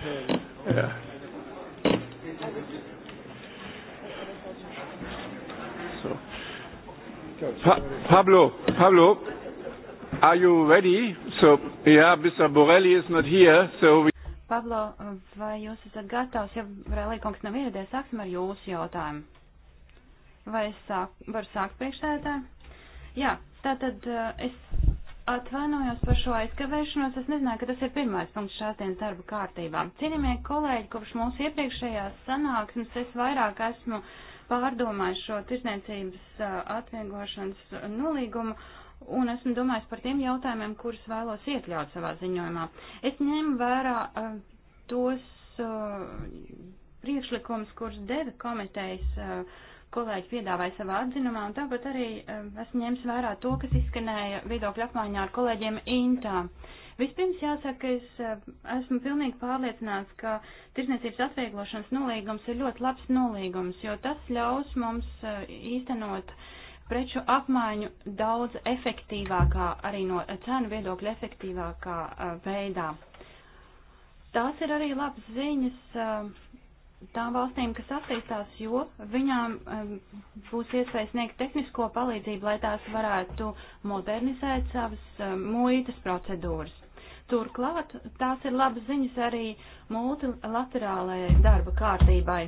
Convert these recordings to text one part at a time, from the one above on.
Yeah. So. Pa- Pablo, Pablo, are you ready? So, yeah, Mr. Borelli is not here, so we. Pablo, vai jūs esat gatavs, ja Rēlīkungs nav ieradies, sāksim ar jūsu jautājumu. Vai es sāku, varu sākt priekšsēdētāju? Jā, tātad eh, es Atvainojos par šo aizkavēšanos. Es nezināju, ka tas ir pirmais punkts šās dienas darba kārtībā. Cienījamie kolēģi, kopš mūsu iepriekšējās sanāksmes es vairāk esmu pārdomājis šo tirsniecības atvieglošanas nolīgumu un esmu domājis par tiem jautājumiem, kurus vēlos iekļaut savā ziņojumā. Es ņēmu vērā uh, tos uh, priekšlikumus, kurus deva komitejas uh, kolēģi piedāvāja savā atzinumā, un tāpat arī um, esmu ņēmis vērā to, kas izskanēja viedokļu apmaiņā ar kolēģiem Intā. Vispirms jāsaka, ka es um, esmu pilnīgi pārliecināts, ka tirsniecības atvieglošanas nolīgums ir ļoti labs nolīgums, jo tas ļaus mums uh, īstenot preču apmaiņu daudz efektīvākā, arī no cenu viedokļa efektīvākā uh, veidā. Tās ir arī labas ziņas um, tām valstīm, kas attīstās, jo viņām būs iespēja sniegt tehnisko palīdzību, lai tās varētu modernizēt savas muitas procedūras. Turklāt tās ir labas ziņas arī multilaterālajai darba kārtībai,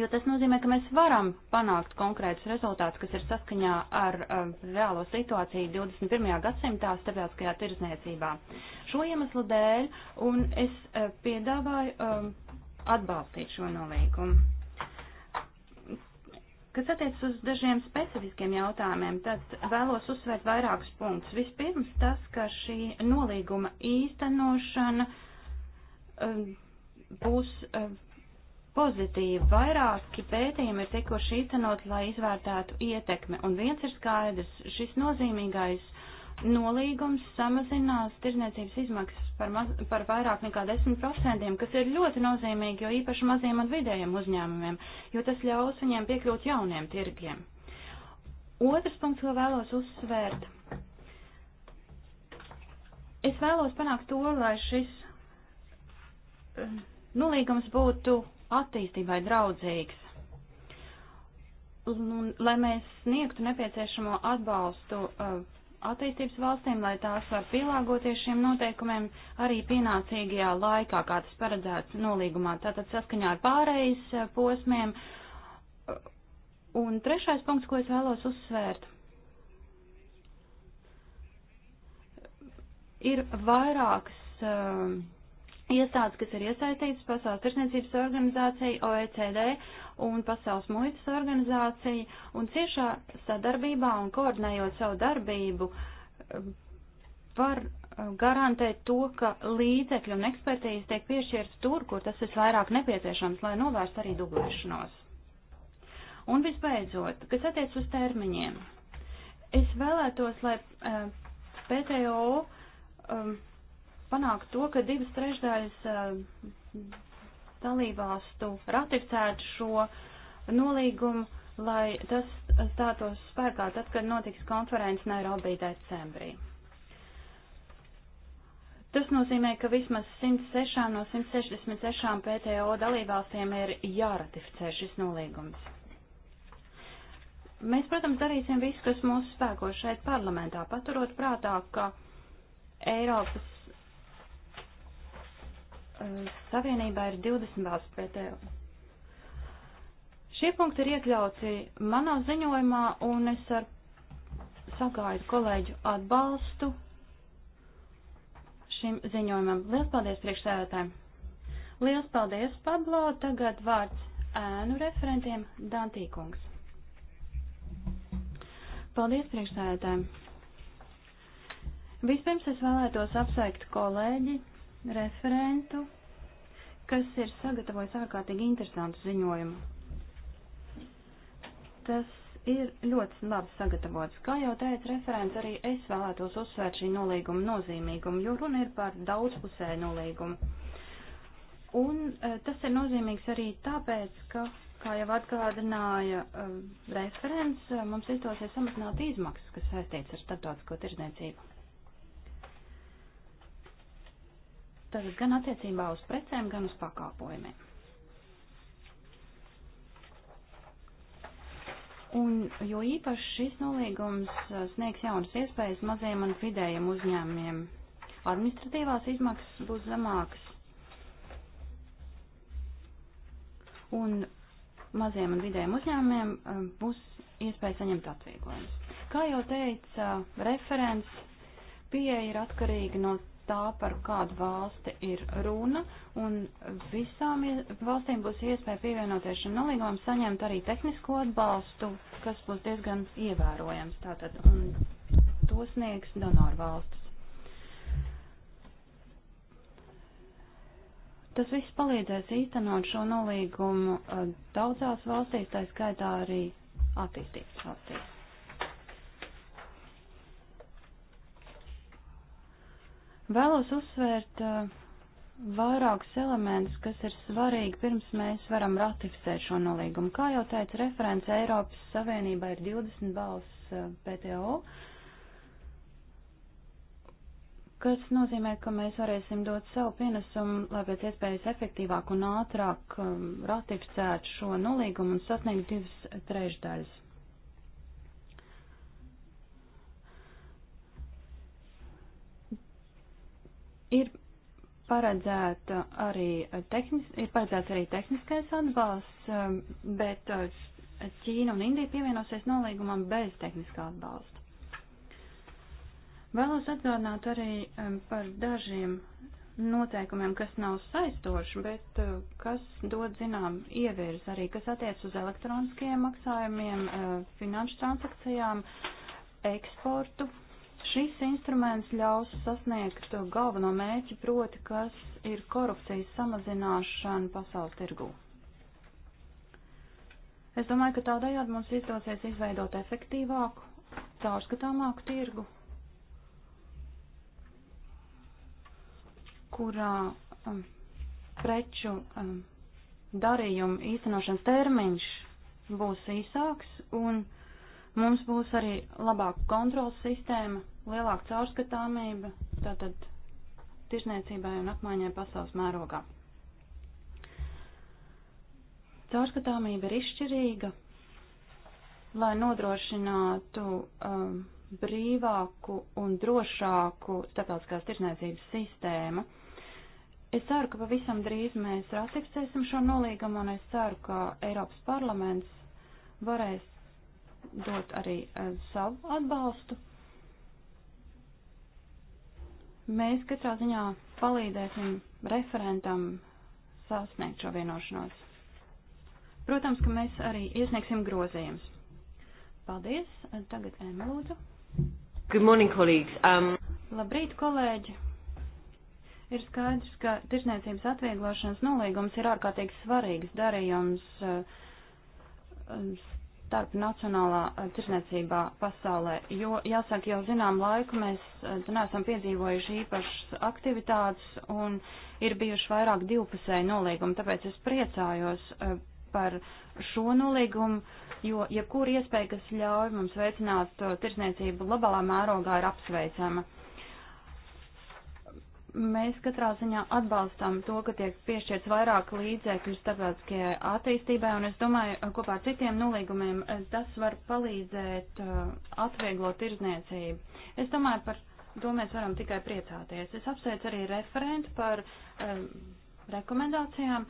jo tas nozīmē, ka mēs varam panākt konkrētus rezultātus, kas ir saskaņā ar um, reālo situāciju 21. gadsimtā starptautiskajā tirzniecībā. Šo iemeslu dēļ un es uh, piedāvāju. Um, atbalstīt šo nolīgumu. Kas attiec uz dažiem specifiskiem jautājumiem, tad vēlos uzsvērt vairākus punktus. Vispirms tas, ka šī nolīguma īstenošana um, būs um, pozitīva. Vairāki pētījumi ir tikuši īstenot, lai izvērtētu ietekmi. Un viens ir skaidrs, šis nozīmīgais nolīgums samazinās tirzniecības izmaksas par, maz, par vairāk nekā 10%, kas ir ļoti nozīmīgi, jo īpaši maziem un vidējiem uzņēmumiem, jo tas ļaus viņiem piekļūt jauniem tirgiem. Otrs punkts, ko vēlos uzsvērt. Es vēlos panākt to, lai šis eh, nolīgums būtu attīstībai draudzīgs lai mēs sniegtu nepieciešamo atbalstu uh, attīstības valstīm, lai tās var pielāgoties šiem noteikumiem arī pienācīgajā laikā, kā tas paredzēts nolīgumā, tātad saskaņā ar pārējais eh, posmiem. Un trešais punkts, ko es vēlos uzsvērt, ir vairākas eh, iestādes, kas ir iesaistītas Pasaules tirsniecības organizācija, OECD un Pasaules muitas organizācija, un ciešā sadarbībā un koordinējot savu darbību um, var um, garantēt to, ka līdzekļi un ekspertīze tiek piešķirts tur, kur tas visvairāk nepieciešams, lai novērst arī dublēšanos. Un visbeidzot, kas attiec uz termiņiem, es vēlētos, lai PTO um, panākt to, ka divas trešdaļas eh, dalībvalstu ratificētu šo nolīgumu, lai tas stātos spēkā tad, kad notiks konferences Nairobi decembrī. Tas nozīmē, ka vismaz 106 no 166 PTO dalībvalstīm ir jāratificē šis nolīgums. Mēs, protams, darīsim visu, kas mūsu spēko šeit parlamentā, paturot prātā, ka Eiropas Eh, Savienībā ir 20 valsts pretējo. Šie punkti ir iekļauti manā ziņojumā, un es ar sagaidu kolēģu atbalstu šim ziņojumam. Lielas paldies priekšsēdētājiem! Lielas paldies, Pablo! Tagad vārds ēnu referentiem Dantīkungs. Paldies priekšsēdētājiem! Vispirms es vēlētos apsveikt kolēģi referentu, kas ir sagatavojis ārkārtīgi interesantu ziņojumu. Tas ir ļoti labi sagatavots. Kā jau teica referents, arī es vēlētos uzsvērt šī nolīguma nozīmīgumu, jo runa ir par daudzpusēju nolīgumu. Un uh, tas ir nozīmīgs arī tāpēc, ka, kā jau atgādināja uh, referents, uh, mums izdosies samazināt izmaksas, kas saistīts ar starptautisko tirdzniecību. Tātad gan attiecībā uz precēm, gan uz pakāpojumiem. Un, jo īpaši šis nolīgums uh, sniegs jaunas iespējas mazajiem un vidējiem uzņēmumiem. Administratīvās izmaksas būs zemākas. Un mazajiem un vidējiem uzņēmumiem uh, būs iespēja saņemt atvieglojumus. Kā jau teica referents, pieeja ir atkarīga no tā, par kādu valsti ir runa, un visām valstīm būs iespēja pievienoties šim nolīgumam, saņemt arī tehnisko atbalstu, kas būs diezgan ievērojams, tātad, un to sniegs donoru valstis. Tas viss palīdzēs īstenot šo nolīgumu eh, daudzās valstīs, tā skaitā arī attīstības valstīs. Vēlos uzsvērt eh, vairākus elementus, kas ir svarīgi pirms mēs varam ratificēt šo nolīgumu. Kā jau teica referents, Eiropas Savienībā ir 20 valsts PTO, kas nozīmē, ka mēs varēsim dot savu pienesumu, lai pēc iespējas efektīvāk un ātrāk eh, ratificētu šo nolīgumu un sasniegt divas trešdaļas. Ir paredzēta arī, tehnis, ir paredzēts arī tehniskais atbalsts, um, bet uh, Ķīna un Indija pievienosies nolīgumam bez tehniskā atbalsta. Vēlos atgādināt arī um, par dažiem noteikumiem, kas nav saistoši, bet uh, kas dod zinām ievirs arī, kas attiec uz elektroniskajiem maksājumiem, uh, finanšu transakcijām, eksportu Šis instruments ļaus sasniegt galveno mērķi, proti, kas ir korupcijas samazināšana pasaules tirgū. Es domāju, ka tādējādi mums izdosies izveidot efektīvāku, caurskatāmāku tirgu, kurā um, preču um, darījumu īstenošanas termiņš būs īsāks un mums būs arī labāka kontrols sistēma lielāka caurskatāmība, tātad tirzniecībai un apmaiņai pasaules mērogā. Caurskatāmība ir izšķirīga, lai nodrošinātu um, brīvāku un drošāku starptautiskās tirzniecības sistēmu. Es ceru, ka pavisam drīz mēs ratificēsim šo nolīgumu, un es ceru, ka Eiropas parlaments varēs dot arī uh, savu atbalstu Mēs katrā ziņā palīdzēsim referentam sasniegt šo vienošanos. Protams, ka mēs arī iesniegsim grozījumus. Paldies. Tagad Ēma lūdzu. Good morning, colleagues. Um... Labrīt, kolēģi. Ir skaidrs, ka tirsniecības atvieglošanas nolīgums ir ārkārtīgi svarīgs darījums uh, starp nacionālā eh, tirsniecībā pasaulē, jo, jāsaka, jau zinām laiku mēs eh, neesam piedzīvojuši īpašas aktivitātes un ir bijuši vairāk divpusēji nolīgumi, tāpēc es priecājos eh, par šo nolīgumu, jo jebkura iespēja, kas ļauj mums veicināt tirsniecību globālā mērogā, ir apsveicama. Mēs katrā ziņā atbalstam to, ka tiek piešķirts vairāk līdzekļu starptautiskajai attīstībai, un es domāju, kopā ar citiem nolīgumiem eh, tas var palīdzēt eh, atvieglot tirzniecību. Es domāju, par to mēs varam tikai priecāties. Es apsveicu arī referentu par um, rekomendācijām.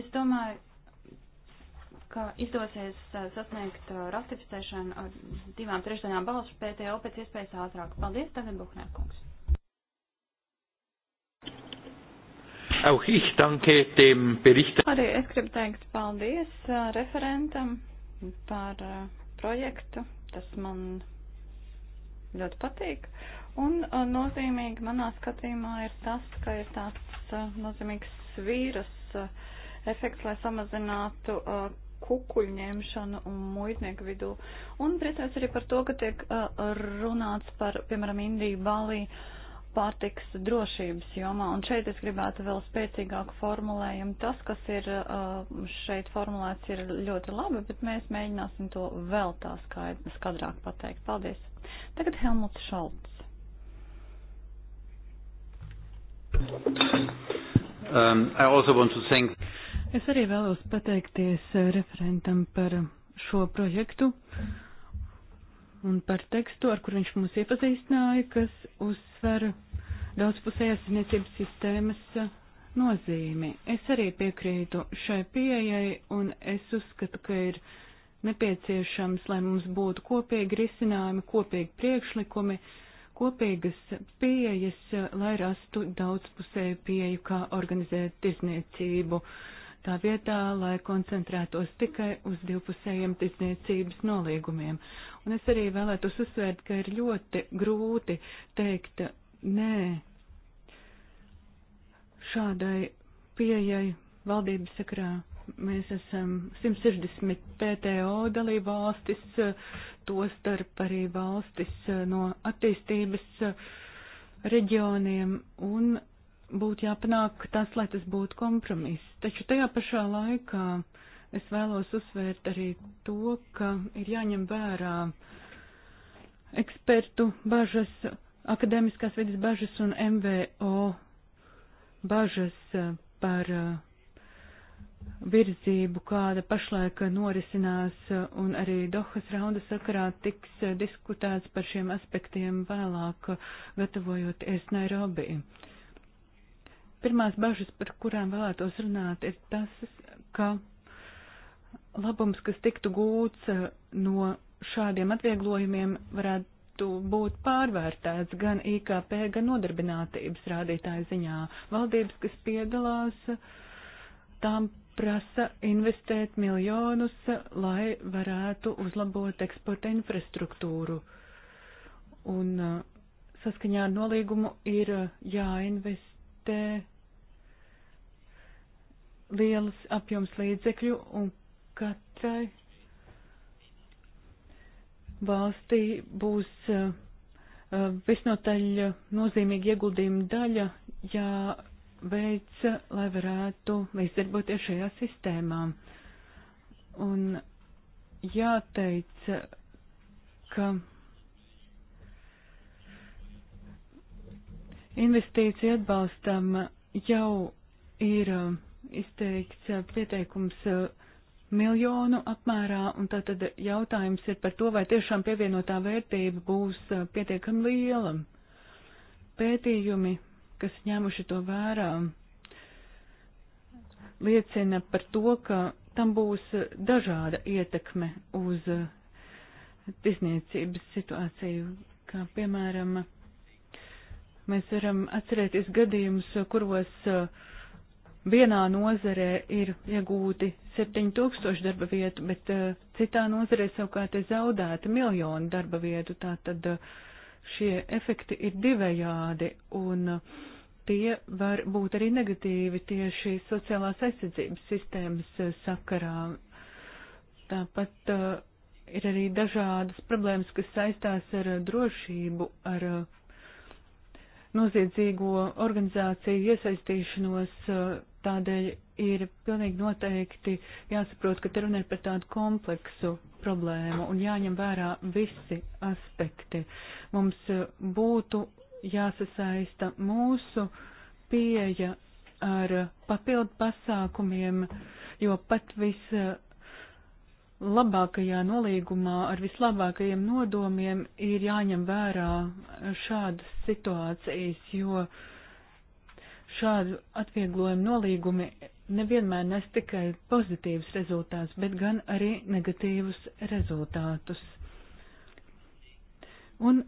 Es domāju, ka izdosies sasniegt ratificēšanu ar divām trešdaļām balsu PTO pēc iespējas ātrāk. Paldies, tagad Buhnerkungs. Auch ich danke dem Berichter. Arī es gribu teikt paldies referentam par projektu. Tas man ļoti patīk. Un nozīmīgi manā skatījumā ir tas, ka ir tāds nozīmīgs svīras efekts, lai samazinātu kukuļņemšanu un muitnieku vidū. Un priecājos arī par to, ka tiek runāts par, piemēram, Indiju, Baliju pārtiks drošības jomā. Un šeit es gribētu vēl spēcīgāku formulējumu. Tas, kas ir uh, šeit formulēts, ir ļoti labi, bet mēs mēģināsim to vēl tā skaidrāk pateikt. Paldies. Tagad Helmuts Šalts. Um, thank... Es arī vēlos pateikties uh, referentam par šo projektu. Mm un par tekstu, ar kur viņš mūs iepazīstināja, kas uzsver daudzpusējās zinniecības sistēmas uh, nozīmi. Es arī piekrītu šai pieejai, un es uzskatu, ka ir nepieciešams, lai mums būtu kopīgi risinājumi, kopīgi priekšlikumi, kopīgas pieejas, uh, lai rastu daudzpusēju pieju, kā organizēt tirzniecību. Tā vietā, lai koncentrētos tikai uz divpusējiem tirzniecības noliegumiem. Un es arī vēlētos uzsvērt, ka ir ļoti grūti teikt nē šādai pieejai valdības sakrā. Mēs esam 160 PTO dalībvalstis, to starp arī valstis no attīstības reģioniem, un būtu jāpanāk tas, lai tas būtu kompromiss. Taču tajā pašā laikā uh, Es vēlos uzsvērt arī to, ka ir jāņem vērā ekspertu bažas, akadēmiskās vidas bažas un MVO bažas eh, par eh, virzību, kāda pašlaik norisinās, eh, un arī Dohas raunda sakarā tiks diskutēts par šiem aspektiem vēlāk, gatavojoties Nairobi. Pirmās bažas, par kurām vēlētos runāt, ir tas, ka labums, kas tiktu gūts eh, no šādiem atvieglojumiem, varētu būt pārvērtēts gan IKP, gan nodarbinātības rādītāju ziņā. Valdības, kas piedalās, tām prasa investēt miljonus, lai varētu uzlabot eksporta infrastruktūru. Un eh, saskaņā ar nolīgumu ir eh, jāinvestē liels apjoms līdzekļu un katrai valstī būs eh, eh, visnotaļ nozīmīga ieguldījuma daļa jāveic, lai varētu izdarboties šajā sistēmā. Un jāteic, ka investīcija atbalstam jau ir eh, izteikts pieteikums miljonu apmērā, un tātad jautājums ir par to, vai tiešām pievienotā vērtība būs pietiekami liela. Pētījumi, kas ņēmuši to vērā, liecina par to, ka tam būs dažāda ietekme uz tirzniecības situāciju, kā piemēram, mēs varam atcerēties gadījumus, kuros uh, vienā nozarē ir iegūti 7000 darba vietu, bet uh, citā nozarē savukārt ir zaudēti miljoni darba vietu. Tātad uh, šie efekti ir divējādi un uh, tie var būt arī negatīvi tieši sociālās aizsardzības sistēmas uh, sakarā. Tāpat uh, ir arī dažādas problēmas, kas saistās ar uh, drošību, ar uh, noziedzīgo organizāciju iesaistīšanos. Uh, Tādēļ ir pilnīgi noteikti jāsaprot, ka te runa ir par tādu kompleksu problēmu un jāņem vērā visi aspekti. Mums eh, būtu jāsasaista mūsu pieeja ar papildu pasākumiem, jo pat vislabākajā eh, nolīgumā ar vislabākajiem nodomiem ir jāņem vērā šādas situācijas, jo uh, šādu atvieglojumu nolīgumi nevienmēr nes tikai pozitīvus rezultātus, bet gan arī negatīvus rezultātus. Un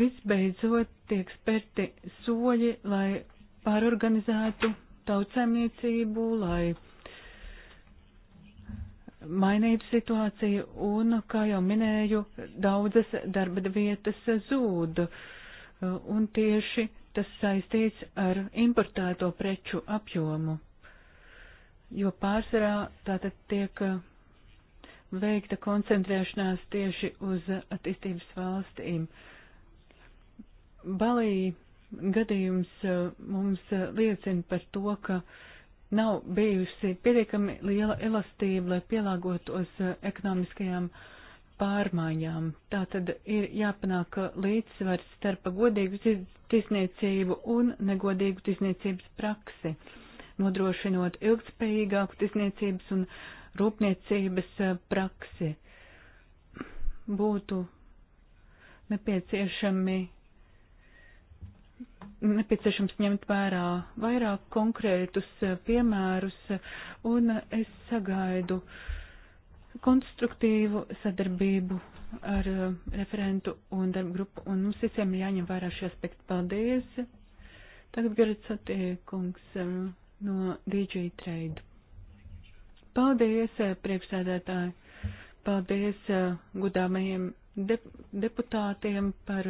visbeidzot tiek spērti soļi, lai pārorganizētu tautsēmniecību, lai mainītu situāciju un, kā jau minēju, daudzas darba vietas zūd. Un tieši tas saistīts ar importēto preču apjomu, jo pārsvarā tātad tiek uh, veikta koncentrēšanās tieši uz attīstības valstīm. Balī gadījums uh, mums uh, liecina par to, ka nav bijusi pietiekami liela elastība, lai pielāgotos ekonomiskajām uh, pārmaiņām. Tātad ir jāpanāk līdzsvars starp godīgu tisniecību un negodīgu tisniecības praksi, nodrošinot ilgspējīgāku tisniecības un rūpniecības eh, praksi. Būtu nepieciešami nepieciešams ņemt vērā vairāk konkrētus eh, piemērus, eh, un es sagaidu uh, konstruktīvu sadarbību ar uh, referentu un darbu grupu, un mums visiem ir jāņem vērā šie aspekti. Paldies! Tagad Gerits Satiekungs uh, no DJ Trade. Paldies, uh, priekšsēdētāji! Paldies gudāmajiem dep deputātiem par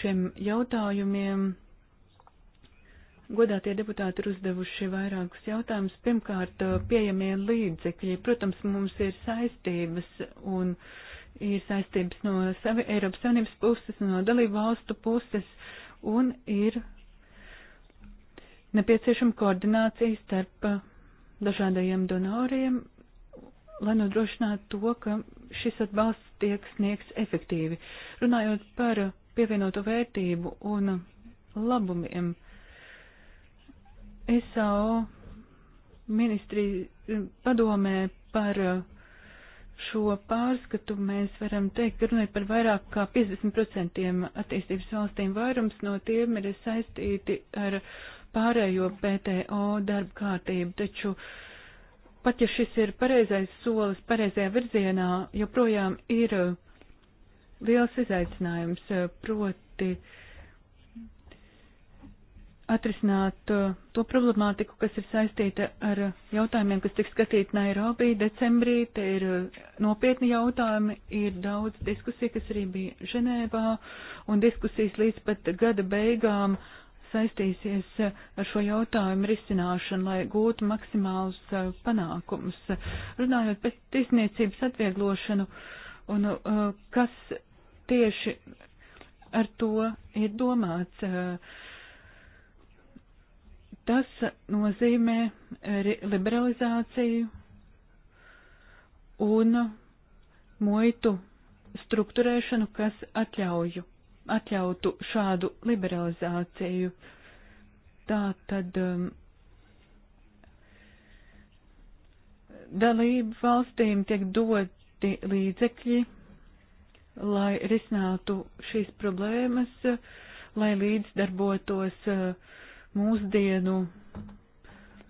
šiem jautājumiem. Godātie deputāti ir uzdevuši vairākus jautājumus. Pirmkārt, uh, pieejamie līdzekļi. Protams, mums ir saistības un ir saistības no savi, Eiropas Savienības puses, no dalību valstu puses un ir nepieciešama koordinācija starp uh, dažādajiem donoriem, lai nodrošinātu to, ka šis atbalsts tiek sniegts efektīvi. Runājot par pievienoto vērtību un labumiem, SAO ministri eh, padomē par eh, šo pārskatu mēs varam teikt, ka runājot par vairāk kā 50% attīstības valstīm vairums no tiem ir saistīti ar pārējo PTO darba kārtību, taču pat ja šis ir pareizais solis pareizajā virzienā, joprojām ir eh, liels izaicinājums proti uh, atrisināt uh, to problemātiku, kas ir saistīta ar jautājumiem, kas tiks skatīti Nairobi decembrī. Te ir uh, nopietni jautājumi, ir daudz diskusija, kas arī bija Ženēvā, un diskusijas līdz pat gada beigām saistīsies uh, ar šo jautājumu risināšanu, lai gūtu maksimālus panākumus. Runājot par tiesniecības atvieglošanu, un kas tieši ar to ir domāts. Uh, Tas nozīmē liberalizāciju un muitu struktūrēšanu, kas atļauju, atļautu šādu liberalizāciju. Tā tad um, dalību valstīm tiek doti līdzekļi, lai risinātu šīs problēmas, lai līdzdarbotos uh, mūsdienu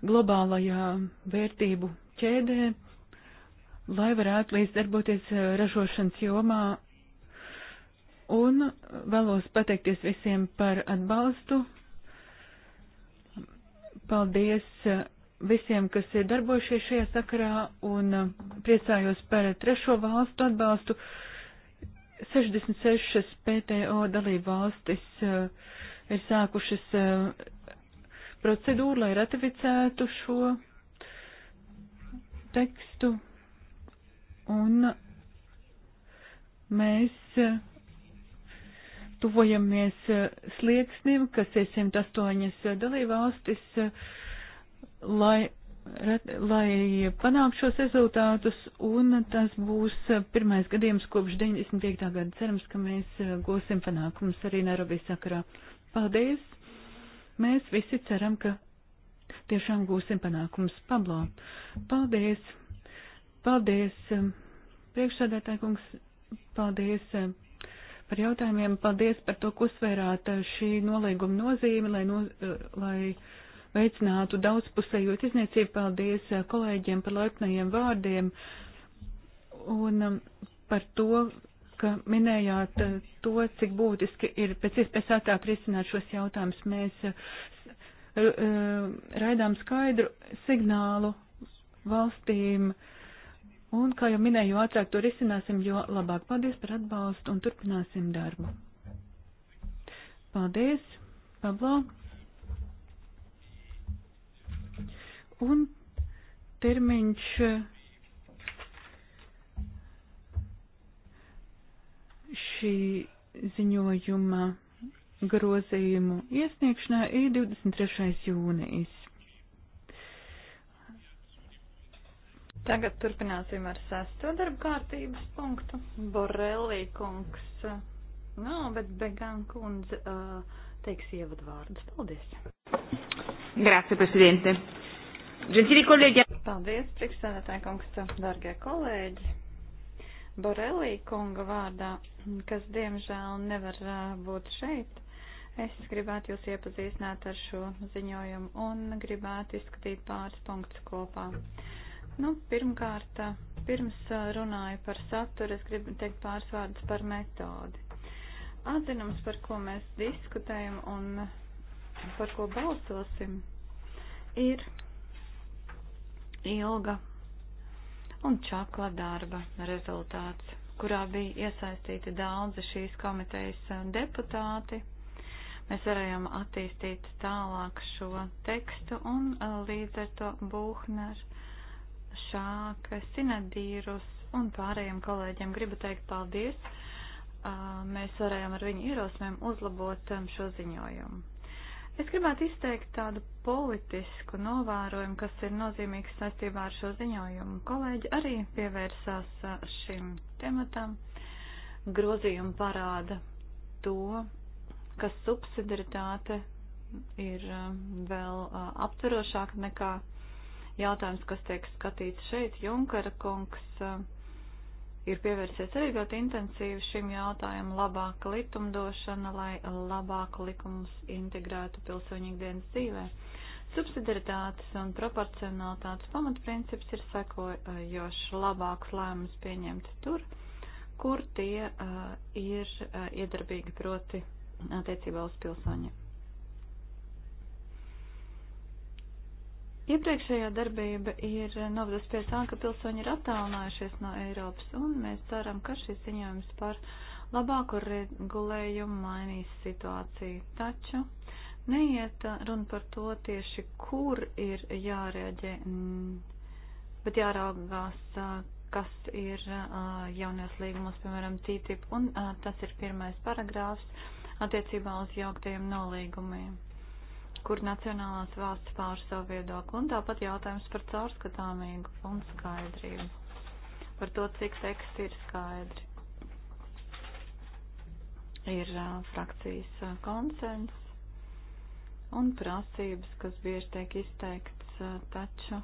globālajā vērtību ķēdē, lai varētu līdzdarboties eh, ražošanas jomā. Un vēlos pateikties visiem par atbalstu. Paldies eh, visiem, kas ir darbojušies šajā sakarā un eh, priecājos par trešo valstu atbalstu. 66 PTO dalību valstis uh, ir sākušas eh, procedūru, lai ratificētu šo tekstu. Un mēs eh, tuvojamies eh, slieksnim, kas ir 108 dalībvalstis, lai, lai panāktu šos rezultātus, un tas būs pirmais gadījums kopš 95. gada. Cerams, ka mēs gūsim panākumus arī Nairobi sakarā. Paldies! Mēs visi ceram, ka tiešām gūsim panākums. Pablo, paldies! Paldies, um, priekšsādātāj kungs, paldies um, par jautājumiem, paldies par to, ko svērāt uh, šī nolīguma nozīme, lai, no, uh, lai veicinātu daudzpusējo izniecību. Paldies uh, kolēģiem par laipnajiem vārdiem un um, par to, ka minējāt eh, to, cik būtiski ir pēc iespējas ātrāk risināt šos jautājumus. Mēs eh, eh, raidām skaidru signālu valstīm, un, kā jau minēju, jo ātrāk to risināsim, jo labāk. Paldies par atbalstu un turpināsim darbu. Paldies, Pablo. Un termiņš. Uh, šī ziņojuma grozījumu iesniegšanai ir 23. jūnijas. Tagad turpināsim ar sesto darbu kārtības punktu. Borelī kungs, nu, bet Began kundze uh, teiks ievadvārdus. Paldies. Grācija, prezidente. Gentili kolēģi. Paldies, priekšsēdētāji kungs, dargie kolēģi. Borelī kunga vārdā, kas diemžēl nevar būt šeit. Es gribētu jūs iepazīstināt ar šo ziņojumu un gribētu izskatīt pāris punktus kopā. Nu, pirmkārt, pirms runāju par saturu, es gribu teikt pāris vārdus par metodi. Atzinums, par ko mēs diskutējam un par ko balsosim, ir ilga un čakla darba rezultāts, kurā bija iesaistīti daudzi šīs komitejas deputāti. Mēs varējām attīstīt tālāk šo tekstu un eh, līdz ar to Buhner, Šāka, Sinadīrus un pārējiem kolēģiem gribu teikt paldies. Eh, mēs varējām ar viņu ierosinājumiem uzlabot eh, šo ziņojumu. Es gribētu izteikt tādu politisku novērojumu, kas ir nozīmīgs saistībā ar šo ziņojumu. Kolēģi arī pievērsās šim tematam. Grozījumi parāda to, ka subsidaritāte ir vēl aptverošāka nekā jautājums, kas tiek skatīts šeit. Junkara kungs ir pievērsies arī ļoti intensīvi šim jautājumam, labāka likumdošana, lai labāku likumus integrētu pilsoņu ikdienas dzīvē. Subsidiaritātes un proporcionalitātes pamatprincips ir sekojošs labāks lēmums pieņemt tur, kur tie uh, ir uh, iedarbīgi proti attiecībā uz pilsoņiem. Iepriekšējā darbība ir novedusi pie tā, ka pilsoņi ir attālinājušies no Eiropas, un mēs ceram, ka šis ziņojums par labāku regulējumu mainīs situāciju. Taču neiet runa par to tieši, kur ir jārēģē, mm, bet jāraugās, kas ir jaunajos līgumos, piemēram, TTIP, un tas ir pirmais paragrāfs attiecībā uz jauktajiem nolīgumiem kur nacionālās valsts pauž savu viedokli, un tāpat jautājums par caurskatāmību un skaidrību, par to, cik teksti ir skaidri. Ir uh, frakcijas uh, konsens un prasības, kas bieži tiek izteikts, uh, taču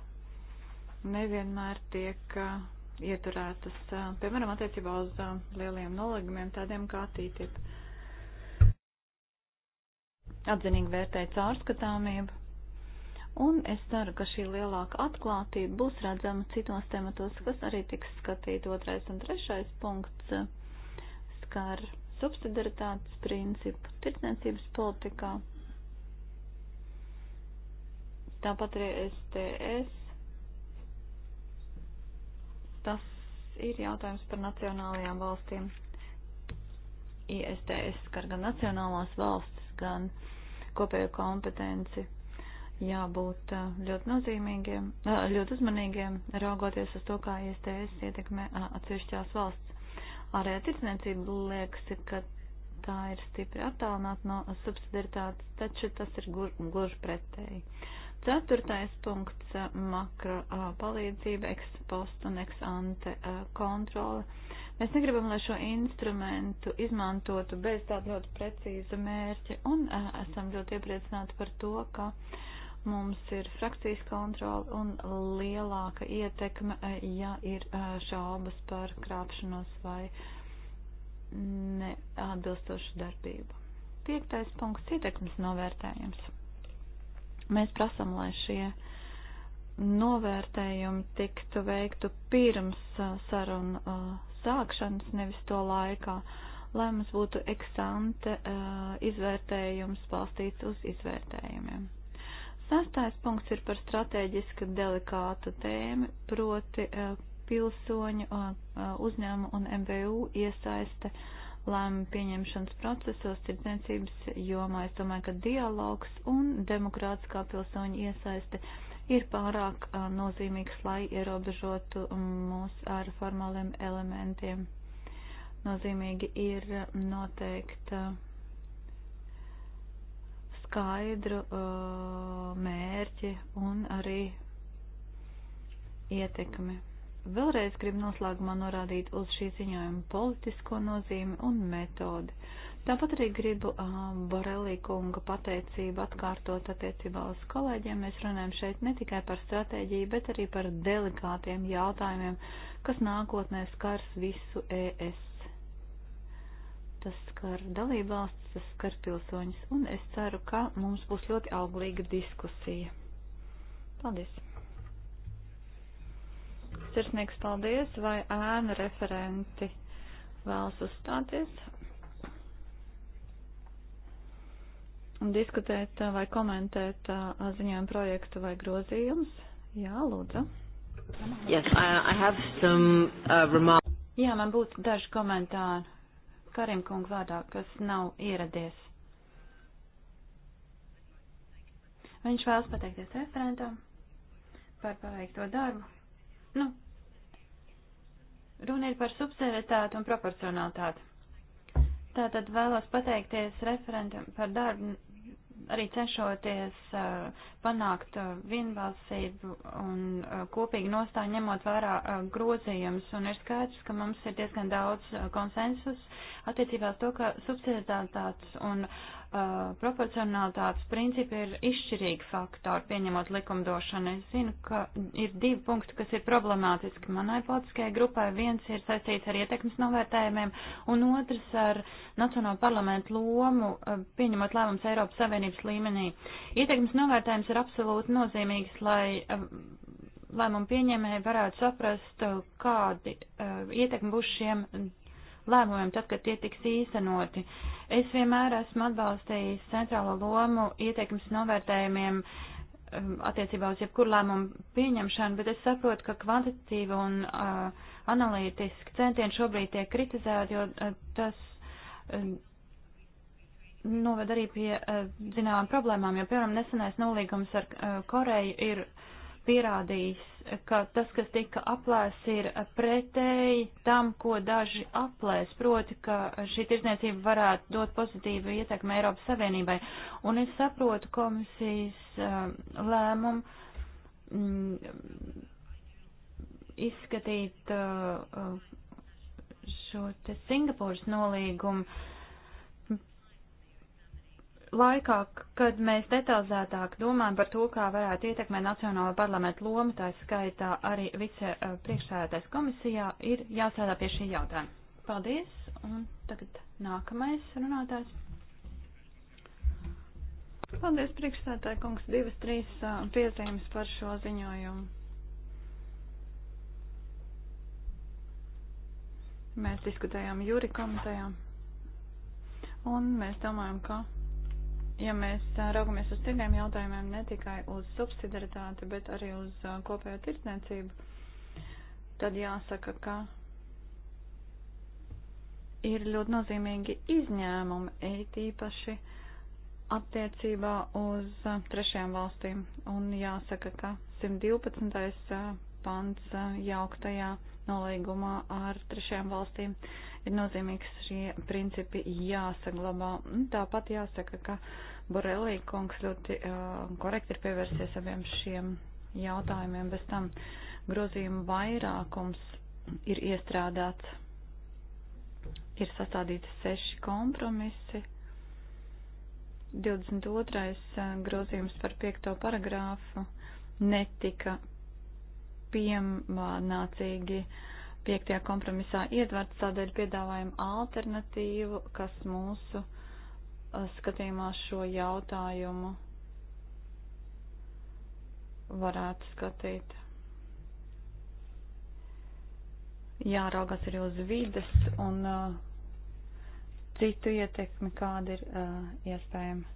nevienmēr tiek uh, ieturētas, uh, piemēram, attiecībā uz uh, lieliem nolīgumiem, tādiem kā TTIP atzinīgi vērtēja caurskatāmību, un es ceru, ka šī lielāka atklātība būs redzama citos tematos, kas arī tiks skatīt otrais un trešais punkts skar subsidaritātes principu tirdzniecības politikā. Tāpat arī STS. Tas ir jautājums par nacionālajām valstīm. ISTS skar gan nacionālās valsts, gan kopējo kompetenci jābūt ļoti nozīmīgiem, ļoti uzmanīgiem, raugoties uz to, kā ISTS ietekmē atsevišķās valsts. Ārējā tirdzniecība liekas, ka tā ir stipri attālināta no subsidiaritātes, taču tas ir gluži gur, pretēji. Ceturtais punkts - makro palīdzība, ekspost un eksante kontrole Mēs negribam, lai šo instrumentu izmantotu bez tāda ļoti precīza mērķa, un eh, esam ļoti iepriecināti par to, ka mums ir frakcijas kontrola un lielāka ietekme, eh, ja ir eh, šaubas par krāpšanos vai neatbilstošu darbību. Piektais punkts - ietekmes novērtējums. Mēs prasam, lai šie novērtējumi tiktu veiktu pirms sarunu sākšanas, nevis to laikā, lai mums būtu eksante izvērtējums balstīts uz izvērtējumiem. Sastais punkts ir par strateģiski delikātu tēmu, proti pilsoņu uzņēmu un MVU iesaiste lēmumu pieņemšanas procesos tirdzniecības jomā. Es domāju, ka dialogs un demokrātiskā pilsoņa iesaiste ir pārāk nozīmīgs, lai ierobežotu mūs ar formāliem elementiem. Nozīmīgi ir noteikt skaidru mērķi un arī ietekmi. Vēlreiz gribu noslēgumā norādīt uz šī ziņojuma politisko nozīmi un metodi. Tāpat arī gribu Borelī kunga pateicību atkārtot attiecībā uz kolēģiem. Mēs runājam šeit ne tikai par stratēģiju, bet arī par delikātiem jautājumiem, kas nākotnē skars visu ES. Tas skar dalībvalstis, tas skar pilsoņus, un es ceru, ka mums būs ļoti auglīga diskusija. Paldies! Sirsnīgs paldies, vai ēna referenti vēlas uzstāties? diskutēt vai komentēt ziņojumu projektu vai grozījumus? Jā, lūdzu. Yes, I, I have some, uh, Jā, man būtu daži komentāri Karim kungu vārdā, kas nav ieradies. Viņš vēlas pateikties referentam par paveikto darbu. Nu, runa ir par subsidiaritāti un proporcionalitāti. Tātad vēlos pateikties referentam par darbu arī cenšoties eh, panākt eh, vienbalsību un eh, kopīgi nostāju ņemot vērā grozījumus. Un ir skaidrs, ka mums ir diezgan daudz konsensus attiecībā uz to, ka subsidētāts un uh, Uh, proporcionalitātes principi ir izšķirīgi faktori, pieņemot likumdošanu. Es zinu, ka ir divi punkti, kas ir problemātiski manai politiskajai grupai. Viens ir saistīts ar ietekmes novērtējumiem, un otrs ar Nacionālo parlamentu lomu, uh, pieņemot lēmums Eiropas Savienības līmenī. Ietekmes novērtējums ir absolūti nozīmīgs, lai uh, lēmumu pieņēmēji varētu saprast, kādi ietekmi būs šiem lēmumiem, tad, kad tie tiks īstenoti. Es vienmēr esmu atbalstījis centrālo lomu ieteikums novērtējumiem um, attiecībā uz jebkuru lēmumu pieņemšanu, bet es saprotu, ka kvantitatīvi un uh, analītiski centieni šobrīd tiek kritizēti, jo uh, tas uh, noved arī pie uh, zināmām problēmām, jo, piemēram, nesenais nolīgums ar uh, Koreju ir uh, pierādījis, ka tas, kas tika aplēsts, ir pretēji tam, ko daži aplēs, proti, ka šī tirzniecība varētu dot pozitīvu ietekmi Eiropas Savienībai. Un es saprotu komisijas um, lēmumu mm, izskatīt uh, uh, šo te Singapūras nolīgumu laikā, kad mēs detalizētāk domājam par to, kā varētu ietekmēt Nacionālo parlamentu lomu, tā skaitā arī vice eh, priekšsēdētājs komisijā, ir jāsēdā pie šī jautājuma. Paldies, un tagad nākamais runātājs. Paldies, priekšsēdētāji kungs, divas, trīs eh, piezīmes par šo ziņojumu. Mēs diskutējām jūri komitejām, un mēs domājam, ka ja mēs raugamies uz citiem jautājumiem, ne tikai uz subsidiaritāti, bet arī uz kopējo tirdzniecību, tad jāsaka, ka ir ļoti nozīmīgi izņēmumi, it īpaši attiecībā uz trešajām valstīm. Un jāsaka, ka 112. pants jauktajā nolīgumā ar trešajām valstīm, ir nozīmīgs šie principi jāsaglabā. Tāpat jāsaka, ka Borelī kungs ļoti uh, korekti ir pievērsies abiem šiem jautājumiem. Bez tam grozījuma vairākums ir iestrādāts, ir sastādīti seši kompromisi. 22. Uh, grozījums par 5. paragrāfu netika piemācīgi piektajā kompromisā ietverts, tādēļ piedāvājam alternatīvu, kas mūsu uh, skatījumā šo jautājumu varētu skatīt. Jāraugās arī uz vides un uh, citu ietekmi, kāda ir uh, iespējama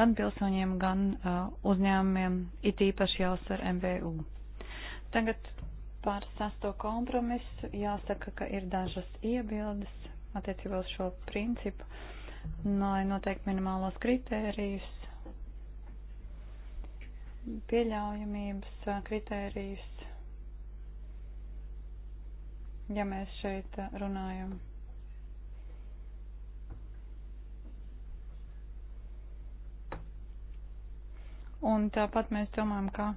gan pilsoņiem, gan uh, uzņēmumiem, it īpaši jāuzsver MVU. Tagad par sesto kompromisu jāsaka, ka ir dažas iebildes attiecībā uz šo principu, lai noteikti minimālos kritērijus, pieļaujamības kritērijus, ja mēs šeit runājam. Un tāpat mēs domājam, ka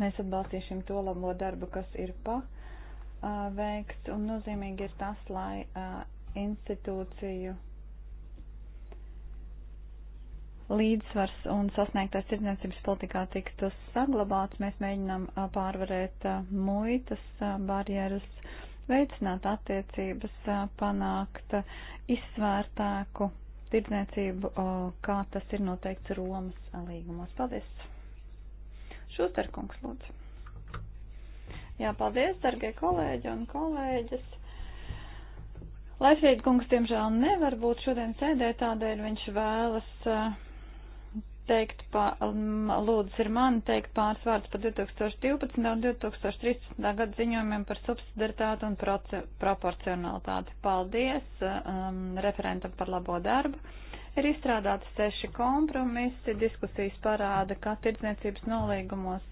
Mēs atbalstīsim to labo darbu, kas ir pa uh, veikts, un nozīmīgi ir tas, lai uh, institūciju līdzsvars un sasniegtais tirdzniecības politikā tiktu saglabāts. Mēs mēģinām uh, pārvarēt uh, muitas uh, barjeras, veicināt attiecības, uh, panākt uh, izsvērtāku tirdzniecību, uh, kā tas ir noteikts Romas līgumos. Paldies! Šuterkungs, lūdzu. Jā, paldies, dargie kolēģi un kolēģis. Leifrīd kungs, diemžēl, nevar būt šodien sēdē, tādēļ viņš vēlas eh, teikt, pa, mm, lūdzu, ir man teikt pāris vārdus par 2012. un 2013. gadu ziņojumiem par subsidaritātu un proporcionalitāti. Paldies um, referentam par labo darbu. Ir izstrādāti seši kompromisi, diskusijas parāda, ka tirdzniecības nolīgumos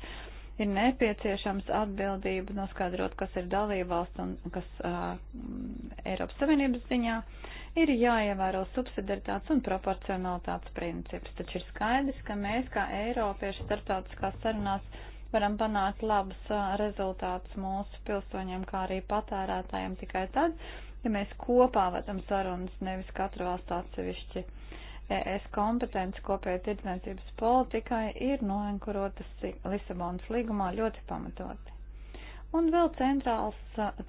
ir nepieciešams atbildība noskaidrot, kas ir dalībvalsts un kas uh, Eiropas Savienības ziņā, ir jāievēro subsidiaritātes un proporcionalitātes princips. Taču ir skaidrs, ka mēs kā Eiropieši starptautiskās sarunās varam panākt labus uh, rezultātus mūsu pilsoņiem, kā arī patērētājiem tikai tad, ja mēs kopā vedam sarunas, nevis katra valsts atsevišķi. Uh, ES kompetence kopējai tirdzniecības politikai ir noenkurotas Lisabonas līgumā ļoti pamatoti. Un vēl centrāls,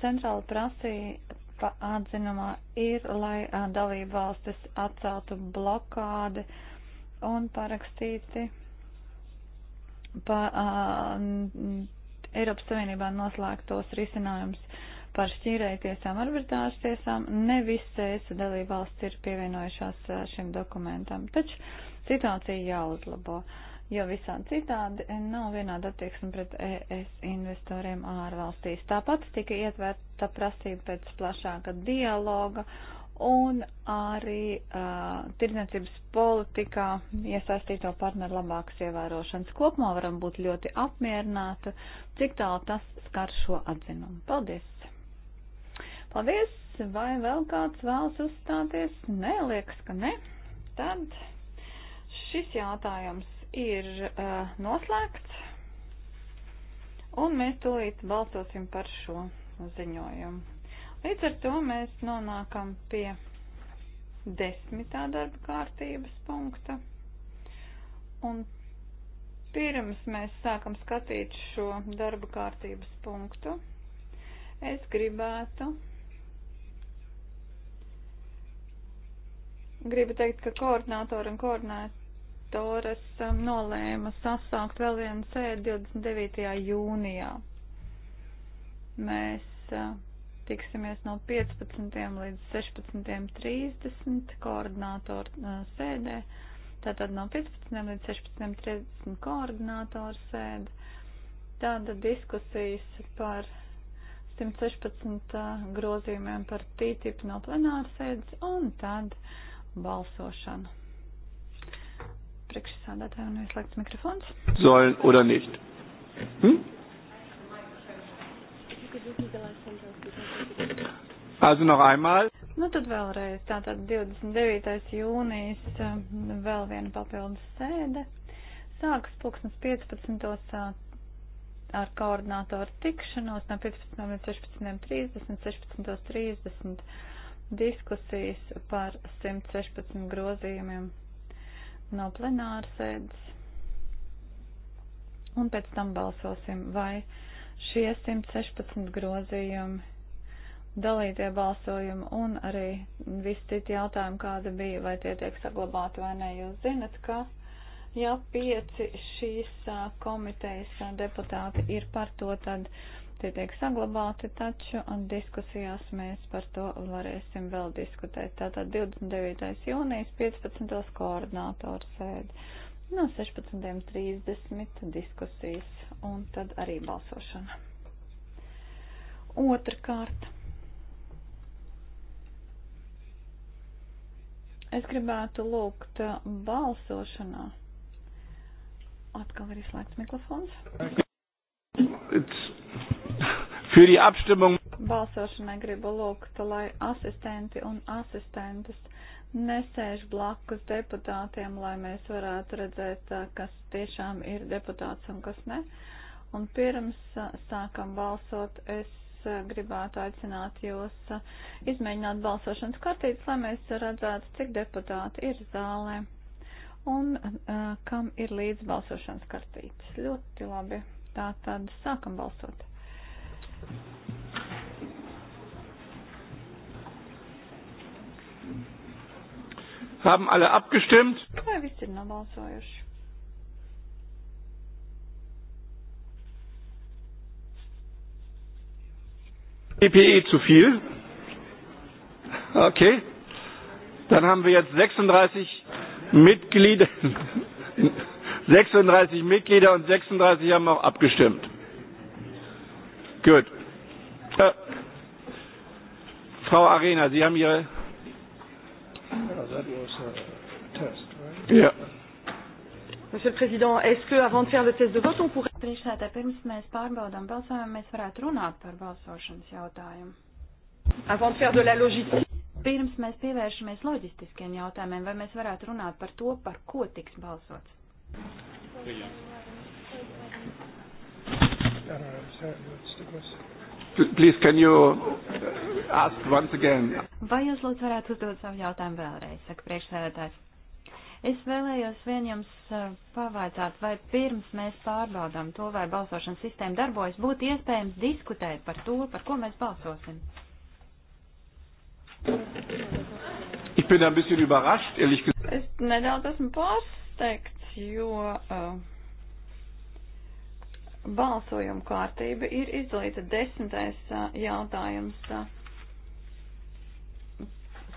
centrāla prasība atzinumā ir, lai dalība valstis atceltu blokādi un parakstīti pa, uh, Eiropas Savienībā noslēgtos risinājumus par šķīrēju tiesām, arbitrāžu tiesām. Ne visas ES dalība valsts ir pievienojušās šim dokumentam, taču situācija jāuzlabo, jo visādi citādi nav vienāda attieksme pret ES investoriem ārvalstīs. Tāpat tika ietverta prasība pēc plašāka dialoga un arī uh, tirdzniecības politikā iesaistīto partneru labākas ievērošanas. Kopumā varam būt ļoti apmierināti, cik tālu tas skar šo atzinumu. Paldies! Paldies! Vai vēl kāds vēlas uzstāties? Nē, liekas, ka ne. Tad šis jautājums ir uh, noslēgts, un mēs tūlīt balsosim par šo ziņojumu. Līdz ar to mēs nonākam pie desmitā darba kārtības punkta. Un pirms mēs sākam skatīt šo darba kārtības punktu, es gribētu Gribu teikt, ka koordinātori un koordinātoras um, nolēma sasaukt vēl vienu sēdi 29. jūnijā. Mēs uh, tiksimies no 15. līdz 16.30 koordinātoru uh, sēdē. Tātad no 15. līdz 16.30 koordinātoru sēde. Tāda diskusijas par 116 uh, grozījumiem par TTIP no plenārsēdes un tad balsošanu. Priekšsādātāja un nu, ieslēgts mikrofons. Sollen oder nicht? Hm? Also noch einmal. Nu tad vēlreiz, tātad 29. jūnijas um, vēl viena papildus sēde. Sākas pulksnes 15. Uh, ar koordinātoru tikšanos no 15. līdz 16.30, 16.30 diskusijas par 116 grozījumiem no plenāra sēdes. Un pēc tam balsosim, vai šie 116 grozījumi, dalītie balsojumi un arī visi citi jautājumi, kāda bija, vai tie tiek saglabāti vai nē. Jūs zinat, ka ja pieci šīs komitejas deputāti ir par to, tad Tie tiek saglabāti, taču diskusijās mēs par to varēsim vēl diskutēt. Tātad 29. jūnijas 15. koordinātoru sēdi. No 16.30 diskusijas un tad arī balsošana. Otrakārt. Es gribētu lūgt uh, balsošanā. Atkal ir izslēgts mikrofons. It's für die Abstimmung. Balsošanai gribu lūgt, lai asistenti un asistentes nesēž blakus deputātiem, lai mēs varētu redzēt, kas tiešām ir deputāts un kas ne. Un pirms sākam balsot, es gribētu aicināt jūs izmēģināt balsošanas kartītes, lai mēs redzētu, cik deputāti ir zālē un uh, kam ir līdz balsošanas kartītes. Ļoti labi. Tātad sākam balsot. Haben alle abgestimmt? Vai visi ir nobalsojuši? PPE zu viel. Okay. Dann haben wir jetzt 36 Mitglieder. 36 Mitglieder und 36 haben auch abgestimmt. Gut. Äh, Frau Arena, Sie haben Ihre. Yeah. Monsieur le Président, est-ce que avant de faire le test de vote, on pourrait... Priekšsēdē, pirms mēs pārbaudām balsojumu, mēs varētu runāt par balsošanas jautājumu. Avant de faire de la logistique. Pirms mēs pievēršamies loģistiskiem jautājumiem, vai mēs varētu runāt par to, par ko tiks balsots? Jā. Please, can you ask once again? Vai jūs lūdzu varētu uzdot savu jautājumu vēlreiz, saka priekšsēdētājs? Es vēlējos vien jums pavaicāt, vai pirms mēs pārbaudām to, vai balsošanas sistēma darbojas, būtu iespējams diskutēt par to, par ko mēs balsosim. Es nedaudz esmu pārsteigts, jo. Uh, balsojuma kārtība ir izdalīta desmitais jautājums.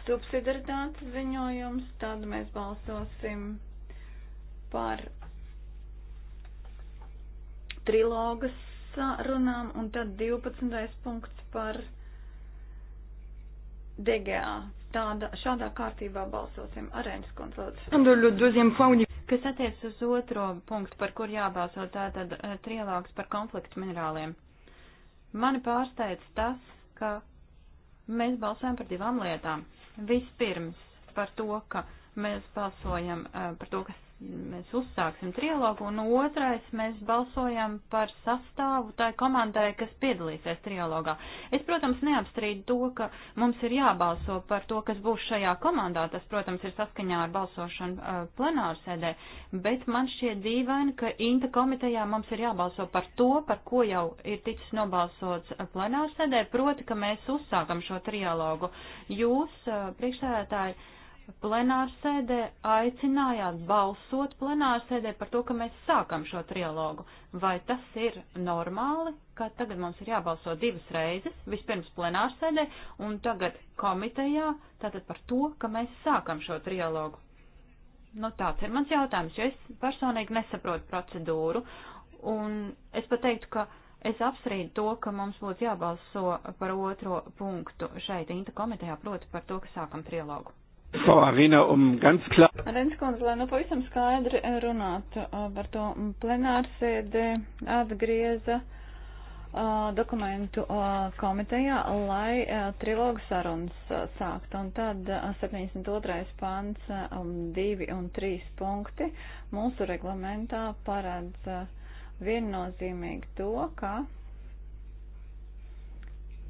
Subsidaritātes ziņojums, tad mēs balsosim par trilogas runām, un tad 12. punkts par DGA. Tādā, šādā kārtībā balsosim. Arēnas kundze, lūdzu. Kas attiec uz otro punktu, par kur jābalso, tātad eh, trialogs par konfliktu minerāliem. Mani pārsteidz tas, ka mēs balsojam par divām lietām. Vispirms par to, ka mēs balsojam eh, par to, kas mēs uzsāksim trialogu, un otrais mēs balsojam par sastāvu tai komandai, kas piedalīsies trialogā. Es, protams, neapstrīdu to, ka mums ir jābalso par to, kas būs šajā komandā. Tas, protams, ir saskaņā ar balsošanu uh, plenārsēdē, bet man šķiet dīvaini, ka Inta komitejā mums ir jābalso par to, par ko jau ir ticis nobalsots uh, plenārsēdē, proti, ka mēs uzsākam šo trialogu. Jūs, uh, priekšsēdētāji, plenārsēdē aicinājāt balsot plenārsēdē par to, ka mēs sākam šo trialogu. Vai tas ir normāli, ka tagad mums ir jābalso divas reizes, vispirms plenārsēdē un tagad komitejā, tātad par to, ka mēs sākam šo trialogu? Nu, tāds ir mans jautājums, jo es personīgi nesaprotu procedūru, un es pateiktu, ka es apsrīdu to, ka mums būtu jābalso par otro punktu šeit, Inta komitejā, proti par to, ka sākam trialogu. Frau Arena, um ganz klar. Renskundze, lai nu pavisam skaidri runātu par to plenārsēdē atgrieza dokumentu komitejā, lai trilogu sarunas sākt. Un tad 72. pants, 2 un 3 punkti mūsu reglamentā paredz viennozīmīgi to, ka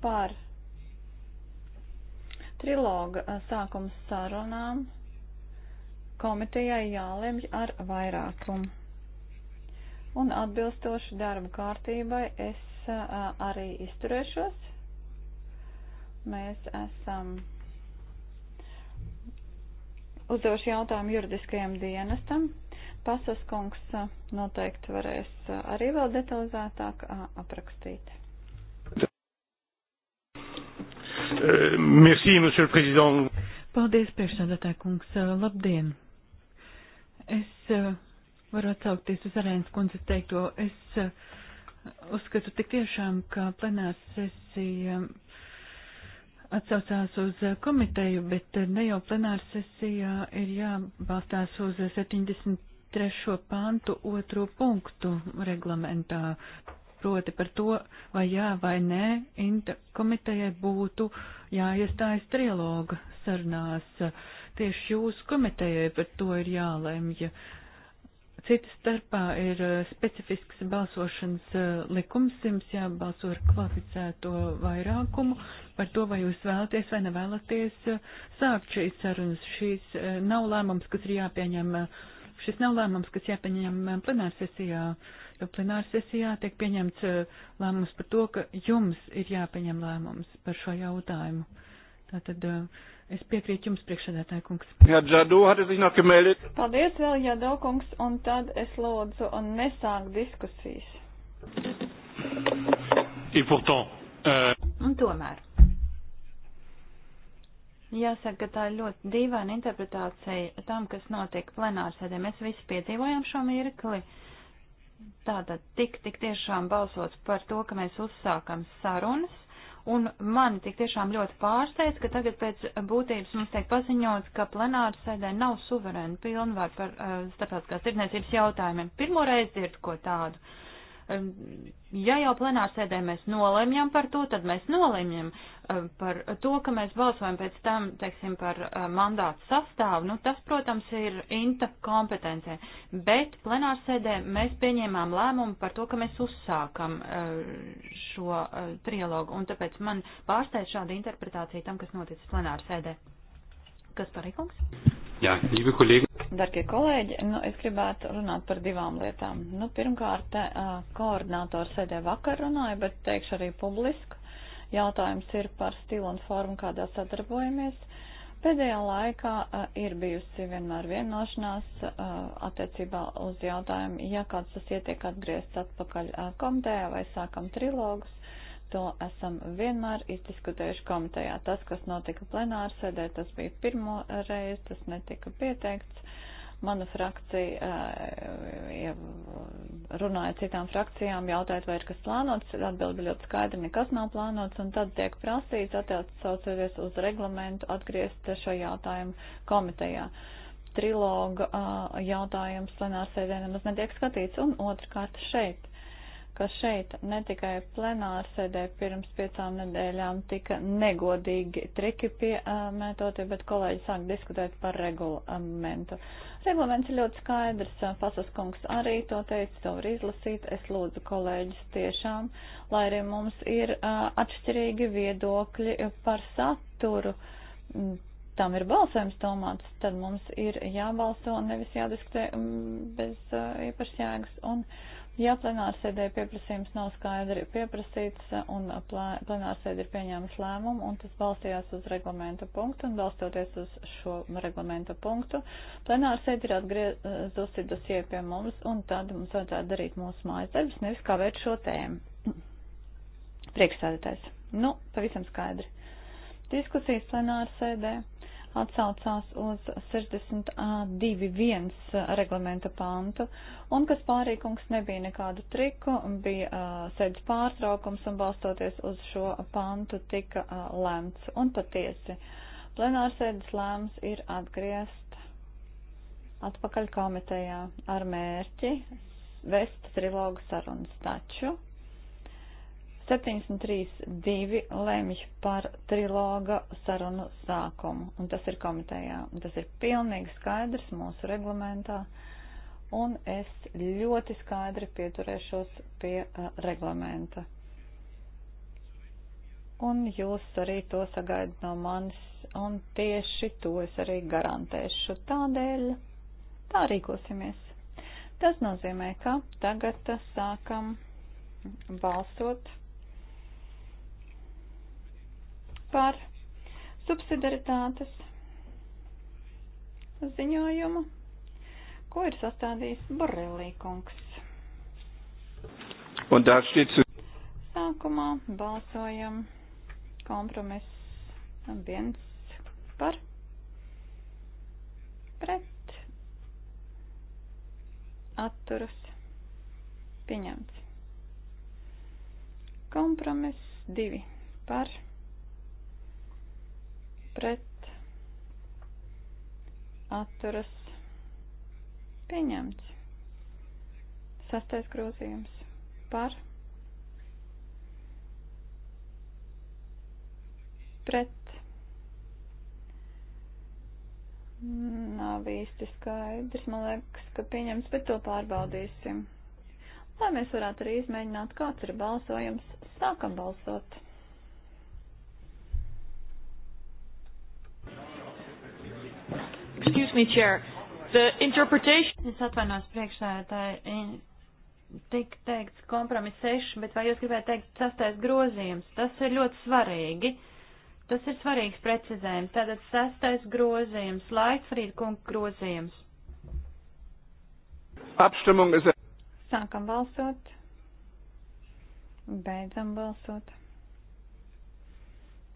par Triloga eh, sākums sarunām komitejai jālemj ar vairākumu. Un atbilstoši darba kārtībai es eh, arī izturēšos. Mēs esam uzdošu jautājumu juridiskajam dienestam. Pasas kungs eh, noteikti varēs arī vēl detalizētāk aprakstīt. Euh, merci, monsieur le président. Paldies, priekšsēdētāj kungs. Uh, labdien! Es uh, varu atsaukties uz Arēnas kundzes teikto. Es uh, uzskatu tik tiešām, ka plenārs sesija um, atsaucās uz komiteju, bet ne jau plenāra sesijā ir jābalstās uz 73. pantu otro punktu reglamentā proti par to, vai jā vai nē, Inta komitejai būtu jāiestājas trialoga sarunās. Tieši jūsu komitejai par to ir jālemj. Cita starpā ir specifisks balsošanas eh, likums, jums jābalso ar kvalificēto vairākumu par to, vai jūs vēlaties vai nevēlaties eh, sākt šīs sarunas. Šīs eh, nav lēmums, kas ir jāpieņem. Šis nav lēmums, kas jāpieņem plenārsesijā. Uh, plenāra sesijā tiek pieņemts eh, lēmums par to, ka jums ir jāpieņem lēmums par šo jautājumu. Tātad eh, es piekrītu jums, priekšsēdētāja kungs. Jā, Džadu, hatte noch gemeldet. Paldies vēl, Jādau kungs, un tad es lūdzu un nesāk diskusijas. Et pourtant, euh... Un tomēr. Jāsaka, ka tā ir ļoti dīvaina interpretācija tam, kas notiek plenārsēdē. Mēs visi piedzīvojam šo mirkli. Uh, Tātad tik, tik tiešām balsots par to, ka mēs uzsākam sarunas, un mani tik tiešām ļoti pārsteidz, ka tagad pēc būtības mums tiek paziņots, ka plenāra sēdē nav suverēna pilnvar par uh, starptautiskās tirdzniecības jautājumiem. Pirmoreiz dzird ko tādu. Uh, ja jau plenārsēdē mēs nolemjam par to, tad mēs nolemjam par to, ka mēs balsojam pēc tam, teiksim, par eh, mandātu sastāvu. Nu, tas, protams, ir inta kompetencē, bet plenārsēdē mēs pieņēmām lēmumu par to, ka mēs uzsākam eh, šo eh, trialogu, un tāpēc man pārsteidz šāda interpretācija tam, kas noticis plenārsēdē. Kas par ikungs? Jā, liebe kolēģi. Darbie kolēģi, nu, es gribētu runāt par divām lietām. Nu, pirmkārt, eh, koordinātors sēdē vakar runāja, bet teikšu arī publisku. Jautājums ir par stilu un formu, kādā sadarbojamies. Pēdējā laikā eh, ir bijusi vienmēr vienošanās eh, attiecībā uz jautājumu, ja kāds tas ietiek atgriezt atpakaļ komitejā vai sākam trilogus To esam vienmēr izdiskutējuši komitejā. Tas, kas notika plenārsēdē, tas bija pirmo reizi, tas netika pieteikts. Mana frakcija eh, ja runāja citām frakcijām, jautājot, vai ir kas plānots, atbildi ļoti skaidri, nekas nav plānots, un tad tiek prasīts atcaucoties uz reglamentu atgriezt šo jautājumu komitejā triloga eh, jautājums plenārsēdē nemaz netiek skatīts, un otrkārt šeit ka šeit ne tikai plenārsēdē pirms piecām nedēļām tika negodīgi triki piemētoti, bet kolēģi sāk diskutēt par regulamentu. Reglaments ir ļoti skaidrs, Fasas kungs arī to teica, to var izlasīt. Es lūdzu kolēģis tiešām, lai arī mums ir atšķirīgi viedokļi par saturu. Mm, tam ir balsojums domāts, tad mums ir jābalso un nevis jādiskutē mm, bez īpašas jēgas. Un, uh, Ja plenārsēdē pieprasījums nav skaidri pieprasīts un plenārsēde ir pieņēmis lēmumu un tas balstījās uz reglamenta punktu un balstoties uz šo reglamenta punktu, plenārsēde ir atgriezusi dosie pie mums un tad mums vajadzētu darīt mūsu mājas darbus, nevis kavēt šo tēmu. Priekšsēdētājs. Nu, pavisam skaidri. Diskusijas plenārsēdē atsaucās uz 62.1 uh, reglamenta pantu, un kas pārīkums nebija nekādu triku, bija uh, sēdz pārtraukums, un balstoties uz šo pantu tika uh, lemts. Un patiesi, plenārsēdes lēms ir atgriezt atpakaļ komitejā ar mērķi vest trilogu sarunas taču 732 lemj par triloga sarunu sākumu, un tas ir komitejā. Un tas ir pilnīgi skaidrs mūsu reglamentā, un es ļoti skaidri pieturēšos pie uh, reglamenta. Un jūs arī to sagaidat no manis, un tieši to es arī garantēšu. Tādēļ tā rīkosimies. Tas nozīmē, ka tagad sākam balsot par subsidaritātes ziņojumu, ko ir sastādījis Borelī kungs. Un tā šķiet. Sākumā balsojam kompromiss viens par pret atturas pieņemts. Kompromiss divi par pret pret atturas pieņemts. Sastais grozījums par pret nav īsti skaidrs, man liekas, ka pieņems, bet to pārbaudīsim. Lai mēs varētu arī izmēģināt, kāds ir balsojums, sākam balsot. Excuse me, Chair. The interpretation. Es atvainos priekšsēdētāji. Tik teikts kompromiss 6, bet vai jūs gribētu teikt 6. grozījums? Tas ir ļoti svarīgi. Tas ir svarīgs precizējums. Tātad 6. grozījums, Laitfrīd kunga grozījums. Abstimmung ist. Sākam balsot. Beidzam balsot.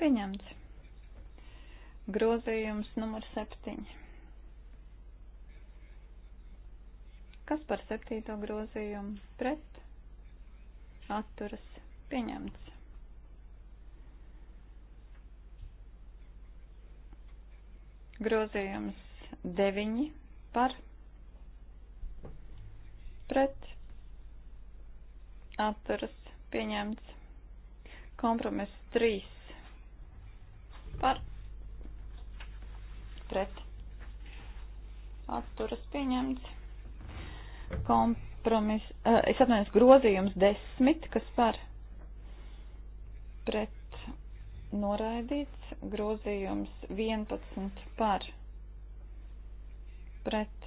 Pieņemts. Grozījums numur septiņi. Kas par septīto grozījumu pret atturas pieņemts? Grozījums 9 par pret atturas pieņemts. Kompromiss 3 par pret atturas pieņemts. Kompromis, uh, es atvainojos grozījums desmit, kas par pret noraidīts, grozījums 11 par pret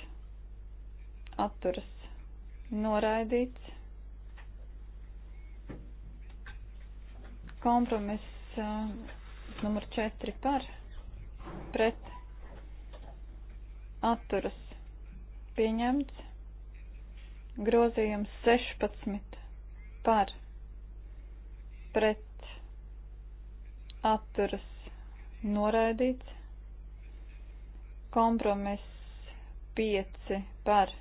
atturas noraidīts, kompromis uh, numur 4 par pret atturas pieņemts grozījums 16 par pret atturas noraidīts, kompromiss 5 par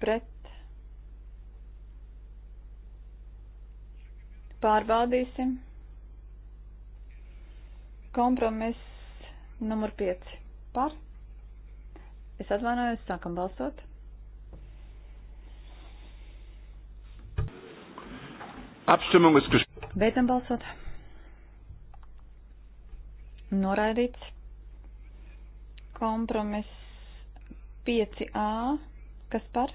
pret pārbaudīsim, kompromiss numur 5 par pret Es atvainojos, sākam balsot. Abstimmung ist geschlossen. Beidzam balsot. Noraidīts. Kompromiss 5A. Kas par?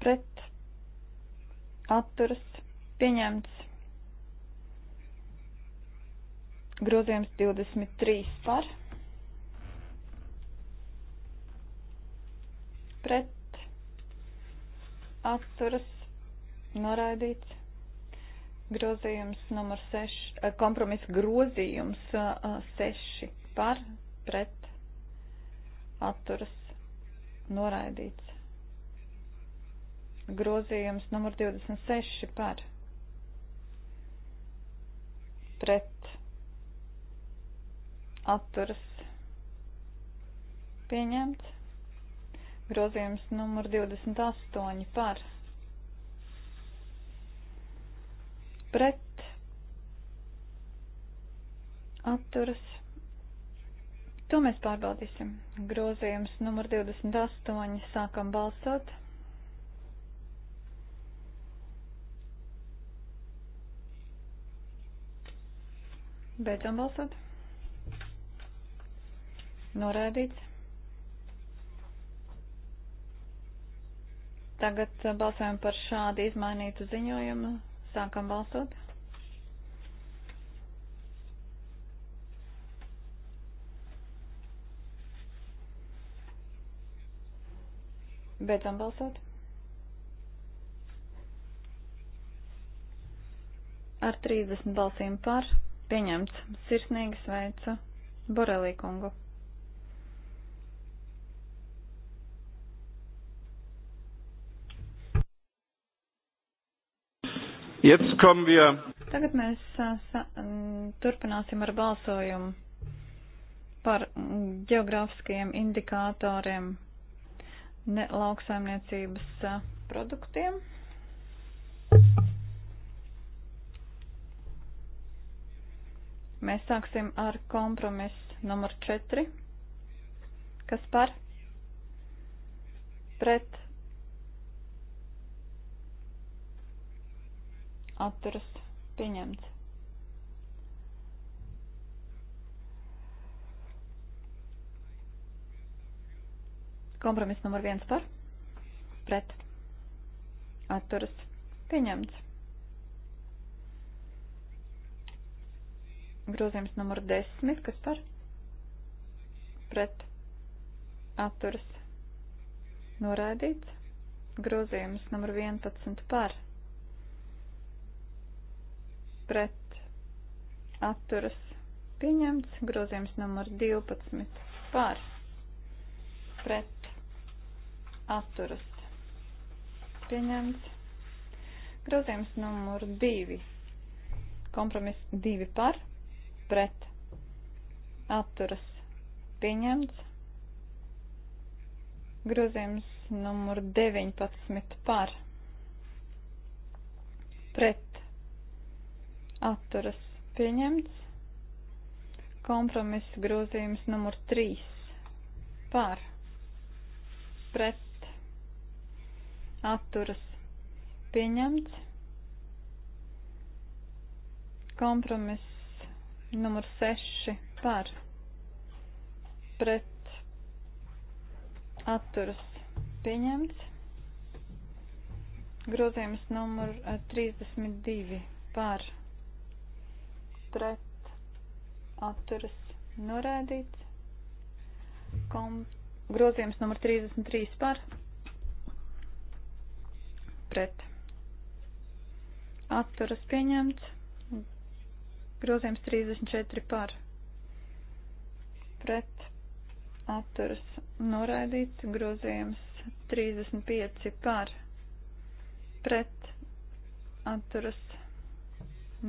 Pret. Atturas. Pieņemts. Grozījums 23 par. pret atturas noraidīts. Grozījums numur 6, eh, kompromisa grozījums 6 eh, par pret atturas noraidīts. Grozījums numur 26 par pret atturas pieņemts. Grozījums numur 28 par pret atturas. To mēs pārbaudīsim. Grozījums numur 28 sākam balsot. Beidzam balsot. Norādīts. Tagad uh, balsojam par šādu izmainītu ziņojumu. Sākam balsot. Beidzam balsot. Ar 30 balsīm par pieņemts. Sirsnīgi sveicu Borelī kungu. Jetzt kommen wir. Tagad mēs sa, turpināsim ar balsojumu par geogrāfiskajiem indikatoriem ne lauksaimniecības produktiem. Mēs sāksim ar kompromisu numur 4. Kas par? Pret atturas pieņemts. Kompromiss numur viens par, pret, atturas, pieņemts. Grozījums numur desmit, kas par, pret, atturas, norādīts. Grozījums numur vienpadsmit par, pret atturas pieņemts, grozījums numur 12 par pret atturas pieņemts, grozījums numur 2 kompromiss 2 par pret atturas pieņemts, grozījums numur 19 par pret atturas pieņemts. Kompromiss grozījums numur 3 par pret atturas pieņemts. Kompromiss numur 6 par pret atturas pieņemts. Grozījums numur 32 eh, par pret pret atturas norēdīts. Kom grozījums numur 33 par pret atturas pieņemts. Grozījums 34 par pret atturas noraidīts. Grozījums 35 par pret atturas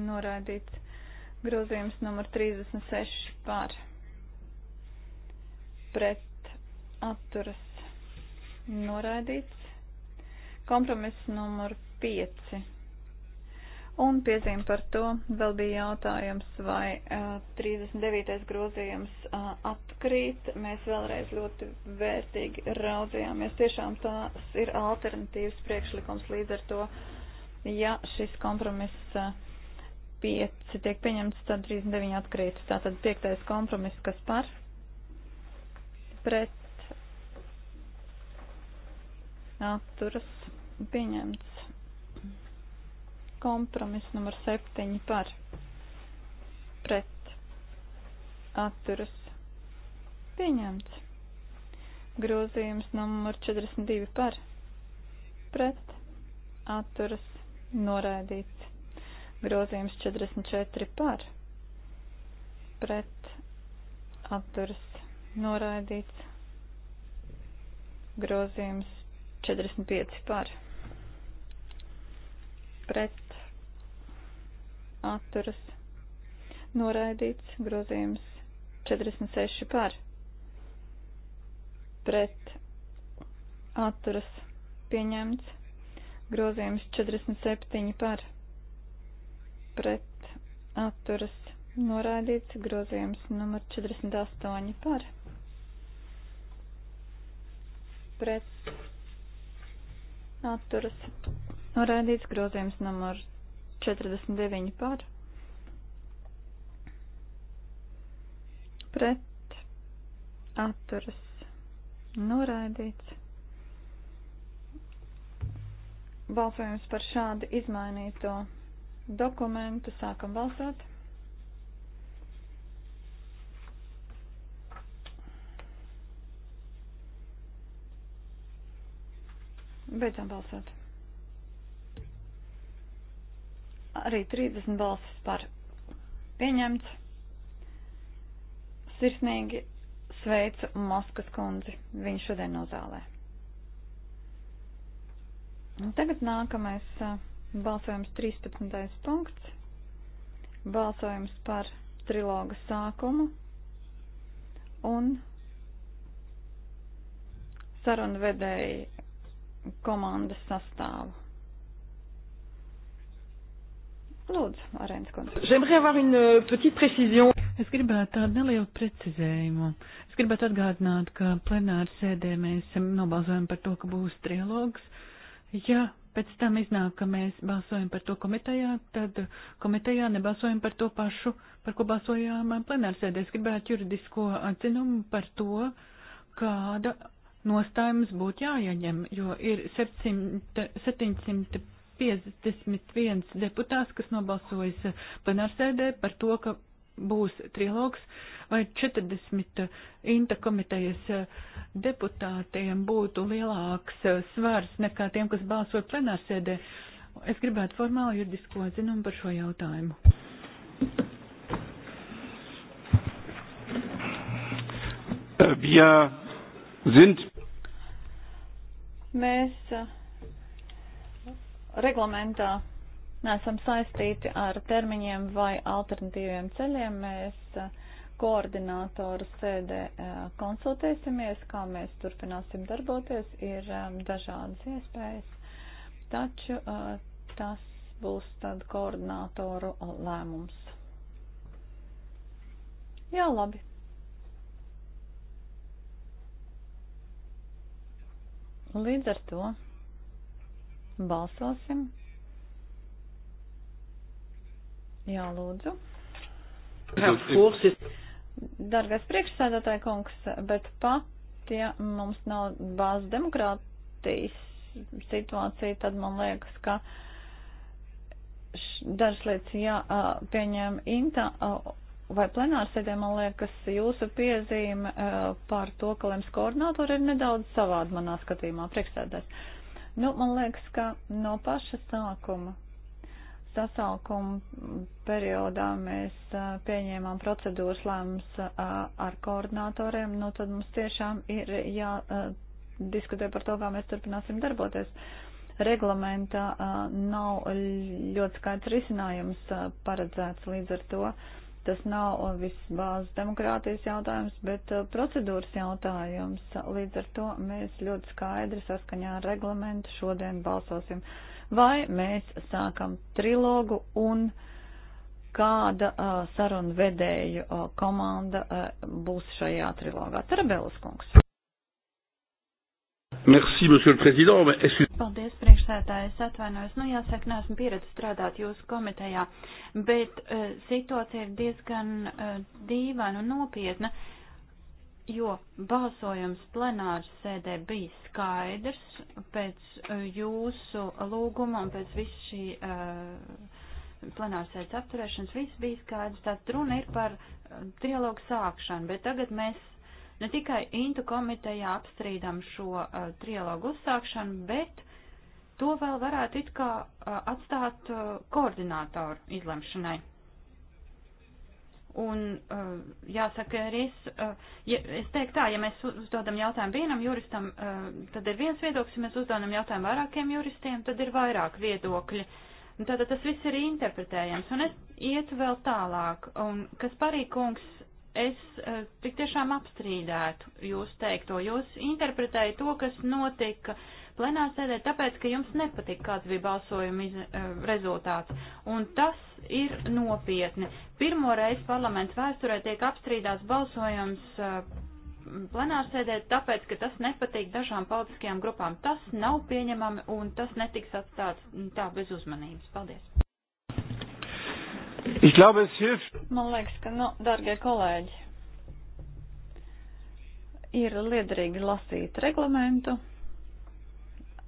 noraidīts. Grozījums numur 36 par pret atturas noraidīts. Kompromiss numur 5. Un piezīm par to vēl bija jautājums, vai uh, 39. grozījums uh, atkrīt. Mēs vēlreiz ļoti vērtīgi raudzījāmies. Tiešām tās ir alternatīvas priekšlikums līdz ar to, ja šis kompromiss. Uh, 5 tiek pieņemts, tad 39 atkrīt. Tātad 5. kompromiss, kas par pret atturas pieņemts. Kompromiss numur 7 par pret atturas pieņemts. Grozījums numur 42 par pret atturas noraidīts grozījums 44 par, pret atturas noraidīts, grozījums 45 par, pret atturas noraidīts, grozījums 46 par, pret atturas pieņemts, grozījums 47 par pret atturas noraidīts grozījums numur 48 par pret atturas noraidīts grozījums numur 49 par pret atturas noraidīts. Balsojums par šādi izmainīto dokumentu. Sākam balsot. Beidzam balsot. Arī 30 balsis par pieņemts. Sirsnīgi sveicu Moskas kundzi. Viņa šodien nozālē. Un tagad nākamais. Uh, Balsojums 13. punkts. Balsojums par trilogu sākumu un sarunvedēju komandas sastāvu. Lūdzu, Arēns Kundze. J'aimerais avoir une euh, petite précision. Es gribētu tādu nelielu precizējumu. Es gribētu atgādināt, ka plenāra sēdē mēs nobalsojam par to, ka būs trilogs. Ja pēc tam iznāk, ka mēs balsojam par to komitejā, tad komitejā nebalsojam par to pašu, par ko balsojām plenārsēdē. Es gribētu juridisko atzinumu par to, kāda nostājums būtu jāieņem, jo ir 700, 751 deputāts, kas nobalsojas plenārsēdē par to, ka būs trilogs, vai 40 inta komitejas deputātiem būtu lielāks svars nekā tiem, kas balsoja plenārsēdē. Es gribētu formāli juridisko zinumu par šo jautājumu. Wir sind Mēs eh, reglamentā neesam saistīti ar termiņiem vai alternatīviem ceļiem. Mēs eh, koordinātoru sēdē eh, konsultēsimies, kā mēs turpināsim darboties, ir eh, dažādas iespējas, taču tas būs tad koordinātoru lēmums. Jā, labi. Līdz ar to balsosim. Jā, lūdzu. Dargais priekšsēdētāji kungs, bet pat, ja mums nav bāzes demokrātijas situācija, tad man liekas, ka dažas lietas jāpieņem inta vai plenārsēdē, man liekas, jūsu piezīme par to, ka lems koordinātori ir nedaudz savādi manā skatījumā priekšsēdēs. Nu, man liekas, ka no paša sākuma sasaukuma periodā mēs pieņēmām procedūras lēmums ar koordinatoriem, nu tad mums tiešām ir jādiskutē par to, kā mēs turpināsim darboties. Reglamentā nav ļoti skaidrs risinājums paredzēts līdz ar to. Tas nav viss bāzes demokrātijas jautājums, bet procedūras jautājums. Līdz ar to mēs ļoti skaidri saskaņā ar reglamentu šodien balsosim. Uh, vai mēs sākam trilogu un kāda uh, sarunu vedēju uh, komanda uh, būs šajā trilogā. Tarabēlas kungs. Merci, monsieur le président. Mais est-ce... Paldies, priekšsētāji, es atvainojos. Nu, jāsaka, neesmu pieredzi strādāt jūsu komitejā, bet uh, situācija ir diezgan uh, dīvaina un nopietna. Uh, jo balsojums plenārs sēdē bija skaidrs pēc eh, jūsu lūguma un pēc visu šī uh, eh, plenārs sēdes apturēšanas, viss bija skaidrs, tad runa ir par uh, trialogu sākšanu, bet tagad mēs ne tikai Intu komitejā apstrīdam šo uh, trialogu uzsākšanu, bet to vēl varētu it kā uh, atstāt uh, koordinātoru izlemšanai. Un uh, jāsaka, arī es, uh, ja, es teiktu tā, ja mēs uzdodam jautājumu vienam juristam, uh, tad ir viens viedoklis, ja mēs uzdodam jautājumu vairākiem juristiem, tad ir vairāk viedokļi. Un tātad tas viss ir interpretējams. Un es ietu vēl tālāk. Un kas parīkungs es eh, tik tiešām apstrīdētu jūs teikto. Jūs interpretēja to, kas notika plenārsēdē, tāpēc, ka jums nepatika, kāds bija balsojuma iz, eh, rezultāts. Un tas ir nopietni. Pirmo reizi parlamentu vēsturē tiek apstrīdāts balsojums eh, plenārsēdē, tāpēc, ka tas nepatīk dažām politiskajām grupām. Tas nav pieņemami un tas netiks atstāts tā bez uzmanības. Paldies! Ich glaube, es hilft. Man liekas, ka, nu, darbie kolēģi, ir liederīgi lasīt reglamentu.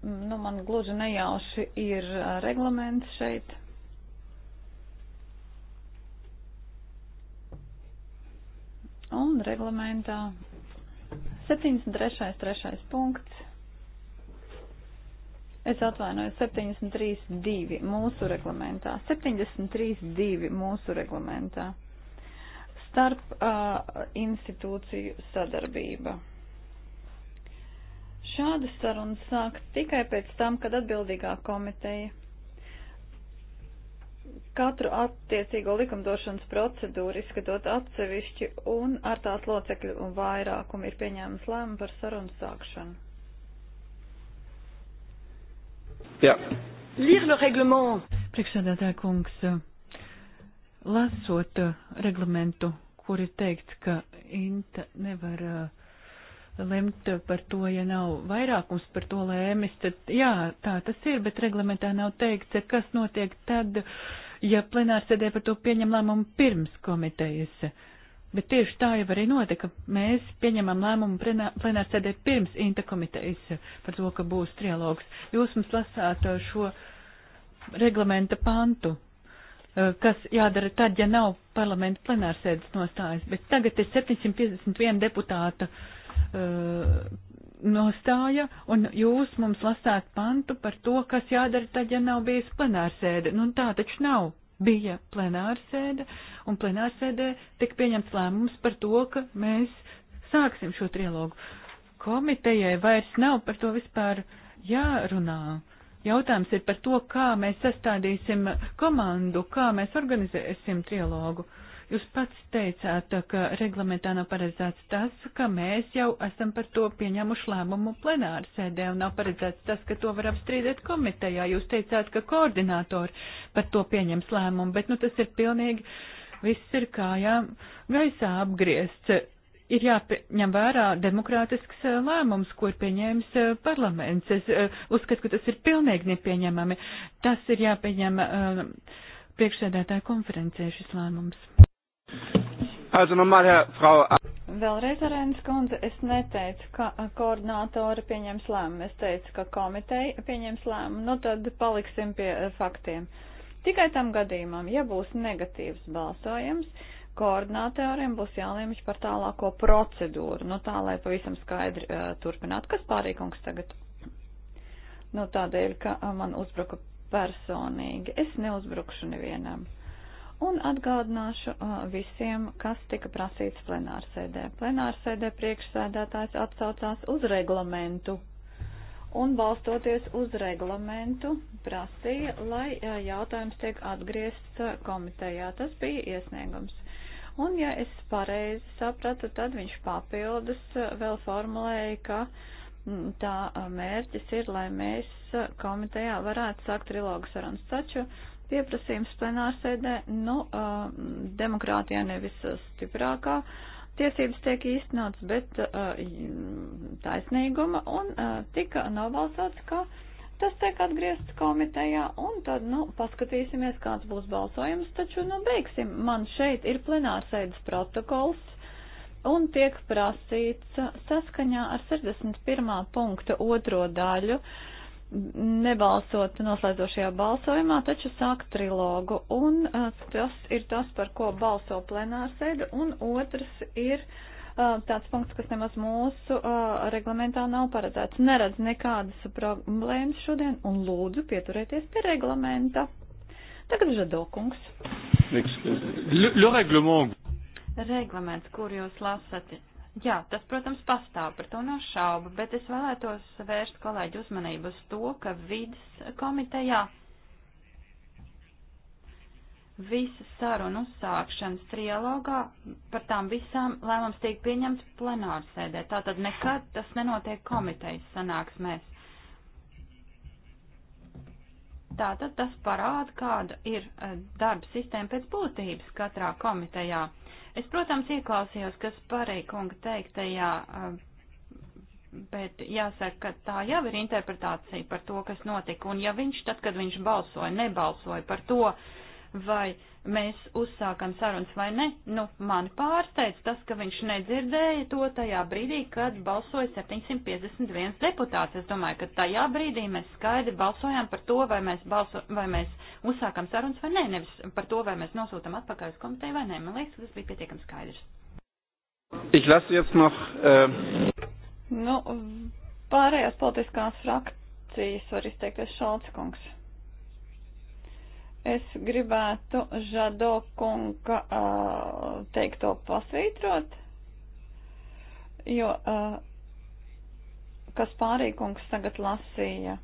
Nu, man gluži nejauši ir reglaments šeit. Un reglamentā 73. trešais punkts Es atvainoju 73.2 mūsu reglamentā. 73.2 mūsu reglamentā. Starp uh, institūciju sadarbība. Šāda saruna sāk tikai pēc tam, kad atbildīgā komiteja katru attiecīgo likumdošanas procedūru izskatot atsevišķi un ar tās locekļu un vairākumu ir pieņēmis lēmumu par sarunu sākšanu. Jā. Lire le règlement. Priekšsēdētāja kungs, lasot uh, reglamentu, kur ir teikts, ka Inta nevar uh, lemt par to, ja nav vairākums par to lēmis, tad jā, tā tas ir, bet reglamentā nav teikts, kas notiek tad, ja plenārsēdē par to pieņem lēmumu pirms komitejas. Uh, Bet tieši tā jau arī notika. Mēs pieņemam lēmumu plenārsēdē pirms Inta komitejas par to, ka būs trialogs. Jūs mums lasāt uh, šo reglamenta pantu, uh, kas jādara tad, ja nav parlamenta plenārsēdes nostājas. Bet tagad ir 751 deputāta uh, nostāja, un jūs mums lasāt pantu par to, kas jādara tad, ja nav bijis plenārsēde. Nu, tā taču nav bija plenārsēde, un plenārsēdē tika pieņemts lēmums par to, ka mēs sāksim šo trilogu. Komitejai vairs nav par to vispār jārunā. Jautājums ir par to, kā mēs sastādīsim komandu, kā mēs organizēsim trilogu. Jūs pats teicāt, ka reglamentā nav paredzēts tas, ka mēs jau esam par to pieņēmuši lēmumu plenāru sēdē un nav paredzēts tas, ka to var apstrīdēt komitejā. Jūs teicāt, ka koordinātori par to pieņems lēmumu, bet nu tas ir pilnīgi viss ir kājām gaisā apgriezts. Ir jāpieņem vērā demokrātisks eh, lēmums, ko ir pieņēmis eh, parlaments. Es eh, uzskatu, ka tas ir pilnīgi nepieņemami. Tas ir jāpieņem priekšsēdētāja konferencē šis lēmums. Also nochmal, Herr Frau. Vēlreiz, Arēnas kundze, es neteicu, ka koordinātori pieņems lēmumu. Es teicu, ka komiteja pieņems lēmumu. Nu tad paliksim pie eh, faktiem. Tikai tam gadījumam, ja būs negatīvs balsojums, koordinātoriem būs jālēmš par tālāko procedūru. Nu tā, lai pavisam skaidri uh, eh, turpinātu, kas pārīkums tagad. Nu tādēļ, ka eh, man uzbruka personīgi. Es neuzbrukšu nevienam. Un atgādināšu visiem, kas tika prasīts plenārsēdē. Plenārsēdē priekšsēdētājs atsaucās uz reglamentu un balstoties uz reglamentu prasīja, lai jautājums tiek atgriezts komitejā. Tas bija iesniegums. Un, ja es pareizi sapratu, tad viņš papildus vēl formulēja, ka mm, tā mērķis ir, lai mēs komitejā varētu sākt trilogu sarunas. Taču pieprasījums plenārsēdē, nu, uh, demokrātijā nevis stiprākā. Tiesības tiek īstenots, bet uh, taisnīguma un uh, tika nobalsots, ka tas tiek atgriezts komitejā un tad, nu, paskatīsimies, kāds būs balsojums, taču, nu, beigsim. Man šeit ir plenārsēdes protokols un tiek prasīts saskaņā ar 61. punktu otro daļu. Uh, nebalsot noslēdzošajā balsojumā, taču sāk trilogu. Un uh, tas ir tas, par ko balso plenārsēde. Un otrs ir uh, tāds punkts, kas nemaz mūsu uh, reglamentā nav paredzēts. Neredz nekādas problēmas šodien un lūdzu pieturēties pie reglamenta. Tagad žadokungs. Reglaments, kur jūs lasat, Jā, tas, protams, pastāv, par to nav šaubu, bet es vēlētos vērst kolēģi uzmanību uz to, ka vidas komitejā visas sarunu uzsākšanas trialogā, par tām visām lēmums tiek pieņemts plenārsēdē. Tātad nekad tas nenotiek komitejas sanāksmēs. Tātad tas parāda, kāda ir eh, darba sistēma pēc būtības katrā komitejā. Es, protams, ieklausījos, kas pareja kunga teiktajā, bet jāsaka, ka tā jau ir interpretācija par to, kas notika. Un ja viņš tad, kad viņš balsoja, nebalsoja par to, uh, vai mēs uzsākam sarunas vai ne, nu, mani pārsteidz tas, ka viņš nedzirdēja to tajā brīdī, kad balsoja 751 deputāts. Es domāju, ka tajā brīdī mēs skaidri balsojām par to, vai mēs, balso, vai mēs uzsākam sarunas vai nē, ne, nevis par to, vai mēs nosūtam atpakaļ uz komiteju vai nē. Man liekas, tas bija pietiekami skaidrs. Ich lasse jetzt noch. Äh... Nu, pārējās politiskās frakcijas var izteikties Šalts kungs. Es gribētu Žado kunga uh, teikto pasvītrot, jo, uh, kas pārīkungs tagad lasīja,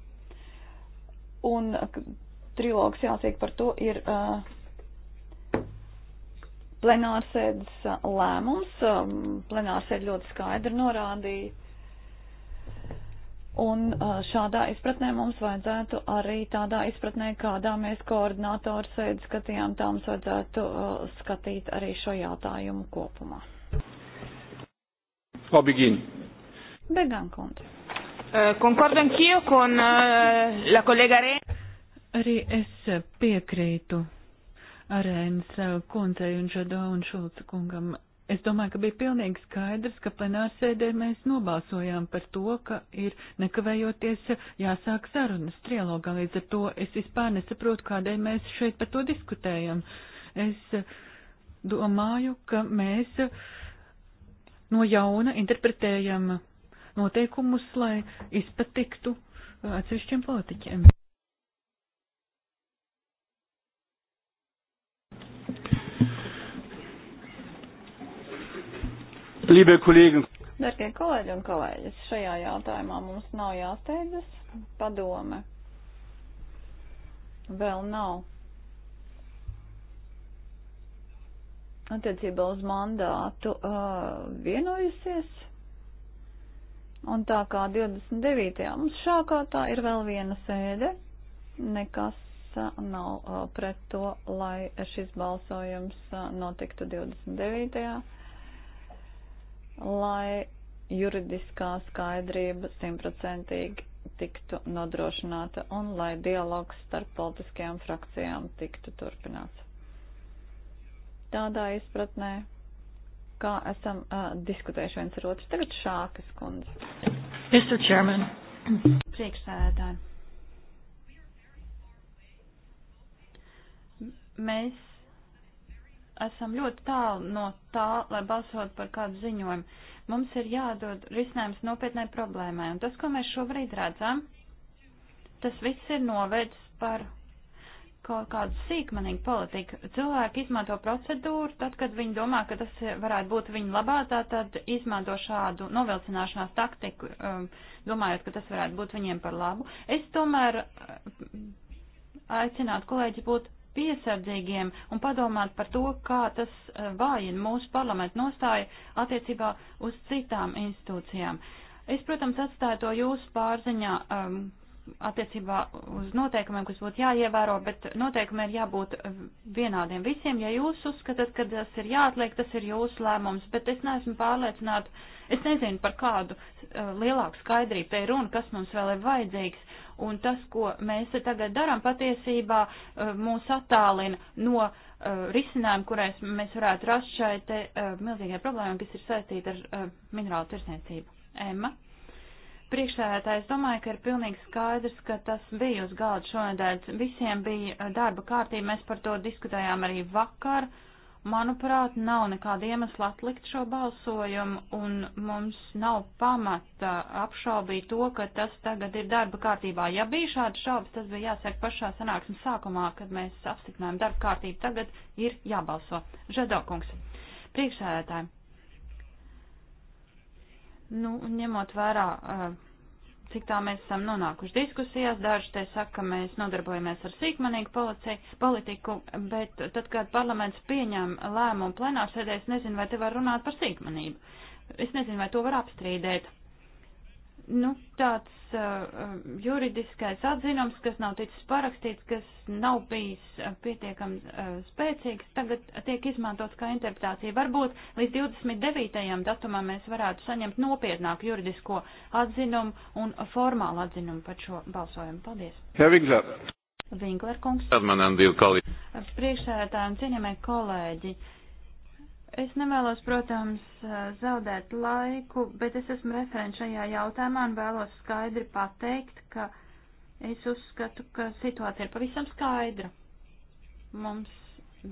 un trilogs jāsīk par to ir uh, plenārsēdes lēmums. Um, plenārsēde ļoti skaidri norādīja Un šādā izpratnē mums vajadzētu arī tādā izpratnē, kādā mēs koordinātoru sēdi skatījām, tā mums vajadzētu skatīt arī šo jautājumu kopumā. Labigīn. Began kundze. Concordo anch'io con la collega Ren. Arī es piekrītu Arēnas kundzei un Žado un Šulca kungam Es domāju, ka bija pilnīgi skaidrs, ka plenārsēdē mēs nobalsojām par to, ka ir nekavējoties jāsāk sarunas trilogā. Līdz ar to es vispār nesaprotu, kādēļ mēs šeit par to diskutējam. Es domāju, ka mēs no jauna interpretējam noteikumus, lai izpatiktu atsevišķiem politiķiem. Liebe Kollegen! Darbie kolēģi un kolēģis, šajā jautājumā mums nav jāsteidzas. Padome vēl nav. Attiecībā uz mandātu uh, vienojusies. Un tā kā 29. mums šākā tā ir vēl viena sēde, nekas nav pret to, lai šis balsojums notiktu 29 lai juridiskā skaidrība simtprocentīgi tiktu nodrošināta un lai dialogs starp politiskajām frakcijām tiktu turpināts. Tādā izpratnē, kā esam uh, diskutējuši viens ar otru, tagad šākas kundze. Mr. Chairman. Priekšsēdētāji. Mēs esam ļoti tālu no tā, lai balsot par kādu ziņojumu. Mums ir jādod risinājums nopietnai problēmai, un tas, ko mēs šobrīd redzam, tas viss ir novērts par kaut kādu sīkmanīgu politiku. Cilvēki izmanto procedūru, tad, kad viņi domā, ka tas varētu būt viņa labā, tā tad izmanto šādu novilcināšanās taktiku, um, domājot, ka tas varētu būt viņiem par labu. Es tomēr uh, aicinātu kolēģi būt piesardzīgiem un padomāt par to, kā tas eh, vājina mūsu parlamentu nostāju attiecībā uz citām institūcijām. Es, protams, atstāju to jūsu pārziņā um, attiecībā uz noteikumiem, kas būtu jāievēro, bet noteikumiem ir jābūt eh, vienādiem visiem. Ja jūs uzskatāt, ka tas ir jāatliek, tas ir jūsu lēmums, bet es neesmu pārliecināta, es nezinu par kādu uh, lielāku skaidrību te ir runa, kas mums vēl ir vajadzīgs un tas, ko mēs tagad darām, patiesībā eh, mūs attālina no eh, risinājumu, kurais mēs varētu rast šai te eh, milzīgai problēmai, kas ir saistīta ar minerālu tirsniecību. Emma? Priekšsēdētāji, es domāju, ka ir pilnīgi skaidrs, ka tas bija uz galda šonadēļ. Visiem bija darba kārtība, mēs par to diskutējām arī vakar. Uh, Manuprāt, nav nekāda iemesla atlikt šo balsojumu, un mums nav pamata apšaubīt to, ka tas tagad ir darba kārtībā. Ja bija šāda šaubas, tas bija jāsaka pašā sanāksmes sākumā, kad mēs apstiprinājām darba kārtību. Tagad ir jābalso. Žadokungs, priekšsēdētāji. Nu, ņemot vērā uh, cik tā mēs esam nonākuši diskusijās. Daži te saka, ka mēs nodarbojamies ar sīkmanīgu policiju, politiku, bet tad, kad parlaments pieņem lēmumu plenārsēdē, es nezinu, vai te var runāt par sīkmanību. Es nezinu, vai to var apstrīdēt nu, tāds uh, uh, juridiskais atzinums, kas nav ticis parakstīts, kas nav bijis uh, pietiekami uh, spēcīgs, tagad tiek izmantots kā interpretācija. Varbūt līdz 29. datumam mēs varētu saņemt nopietnāku juridisko atzinumu un formālu atzinumu par šo balsojumu. Paldies! Hevigla. Vinkler kungs. Priekšsēdētājiem cienījamie kolēģi. Uh, Es nevēlos, protams, eh, zaudēt laiku, bet es esmu referents šajā jautājumā un vēlos skaidri pateikt, ka es uzskatu, ka situācija ir pavisam skaidra. Mums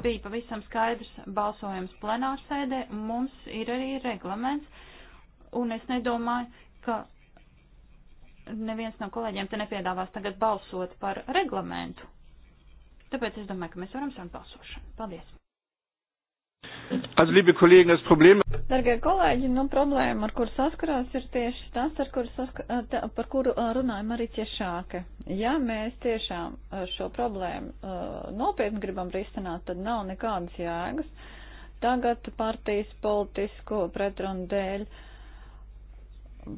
bija pavisam skaidrs balsojums plenārsēdē, mums ir arī reglaments, un es nedomāju, ka neviens no kolēģiem te nepiedāvās tagad balsot par reglamentu. Tāpēc es domāju, ka mēs varam sākt balsošanu. Paldies! Also, liebe Kollegen, das Problem. Dargie kolēģi, nu, problēma, ar kur saskarās, ir tieši tas, ar kur saska, eh, par kuru eh, runājam arī ciešāk. Ja mēs tiešām eh, šo problēmu nopietni gribam risināt, tad nav nekādas jēgas tagad partijas politisko pretrunu dēļ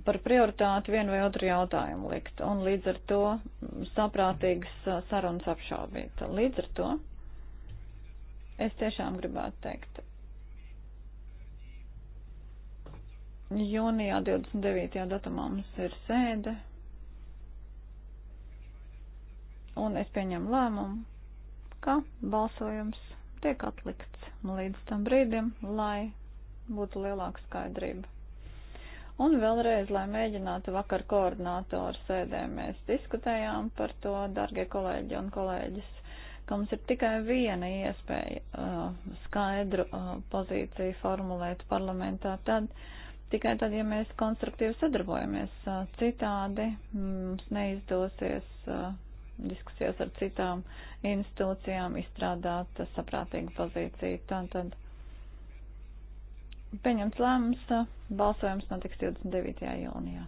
par prioritāti vienu vai otru jautājumu likt un līdz ar to saprātīgas sarunas apšaubīt. Līdz ar to Es tiešām gribētu teikt. Jūnijā 29. datumā mums ir sēde. Un es pieņemu lēmumu, ka balsojums tiek atlikts līdz tam brīdim, lai būtu lielāka skaidrība. Un vēlreiz, lai mēģinātu vakar koordinātoru sēdē, mēs diskutējām par to, dargie kolēģi un kolēģis ka mums ir tikai viena iespēja uh, skaidru uh, pozīciju formulēt parlamentā. Tad, tikai tad, ja mēs konstruktīvi sadarbojamies, uh, citādi mums neizdosies uh, diskusijās ar citām institūcijām izstrādāt uh, saprātīgu pozīciju. Tad, tad pieņemts lēmums, uh, balsojums notiks 29. jūnijā.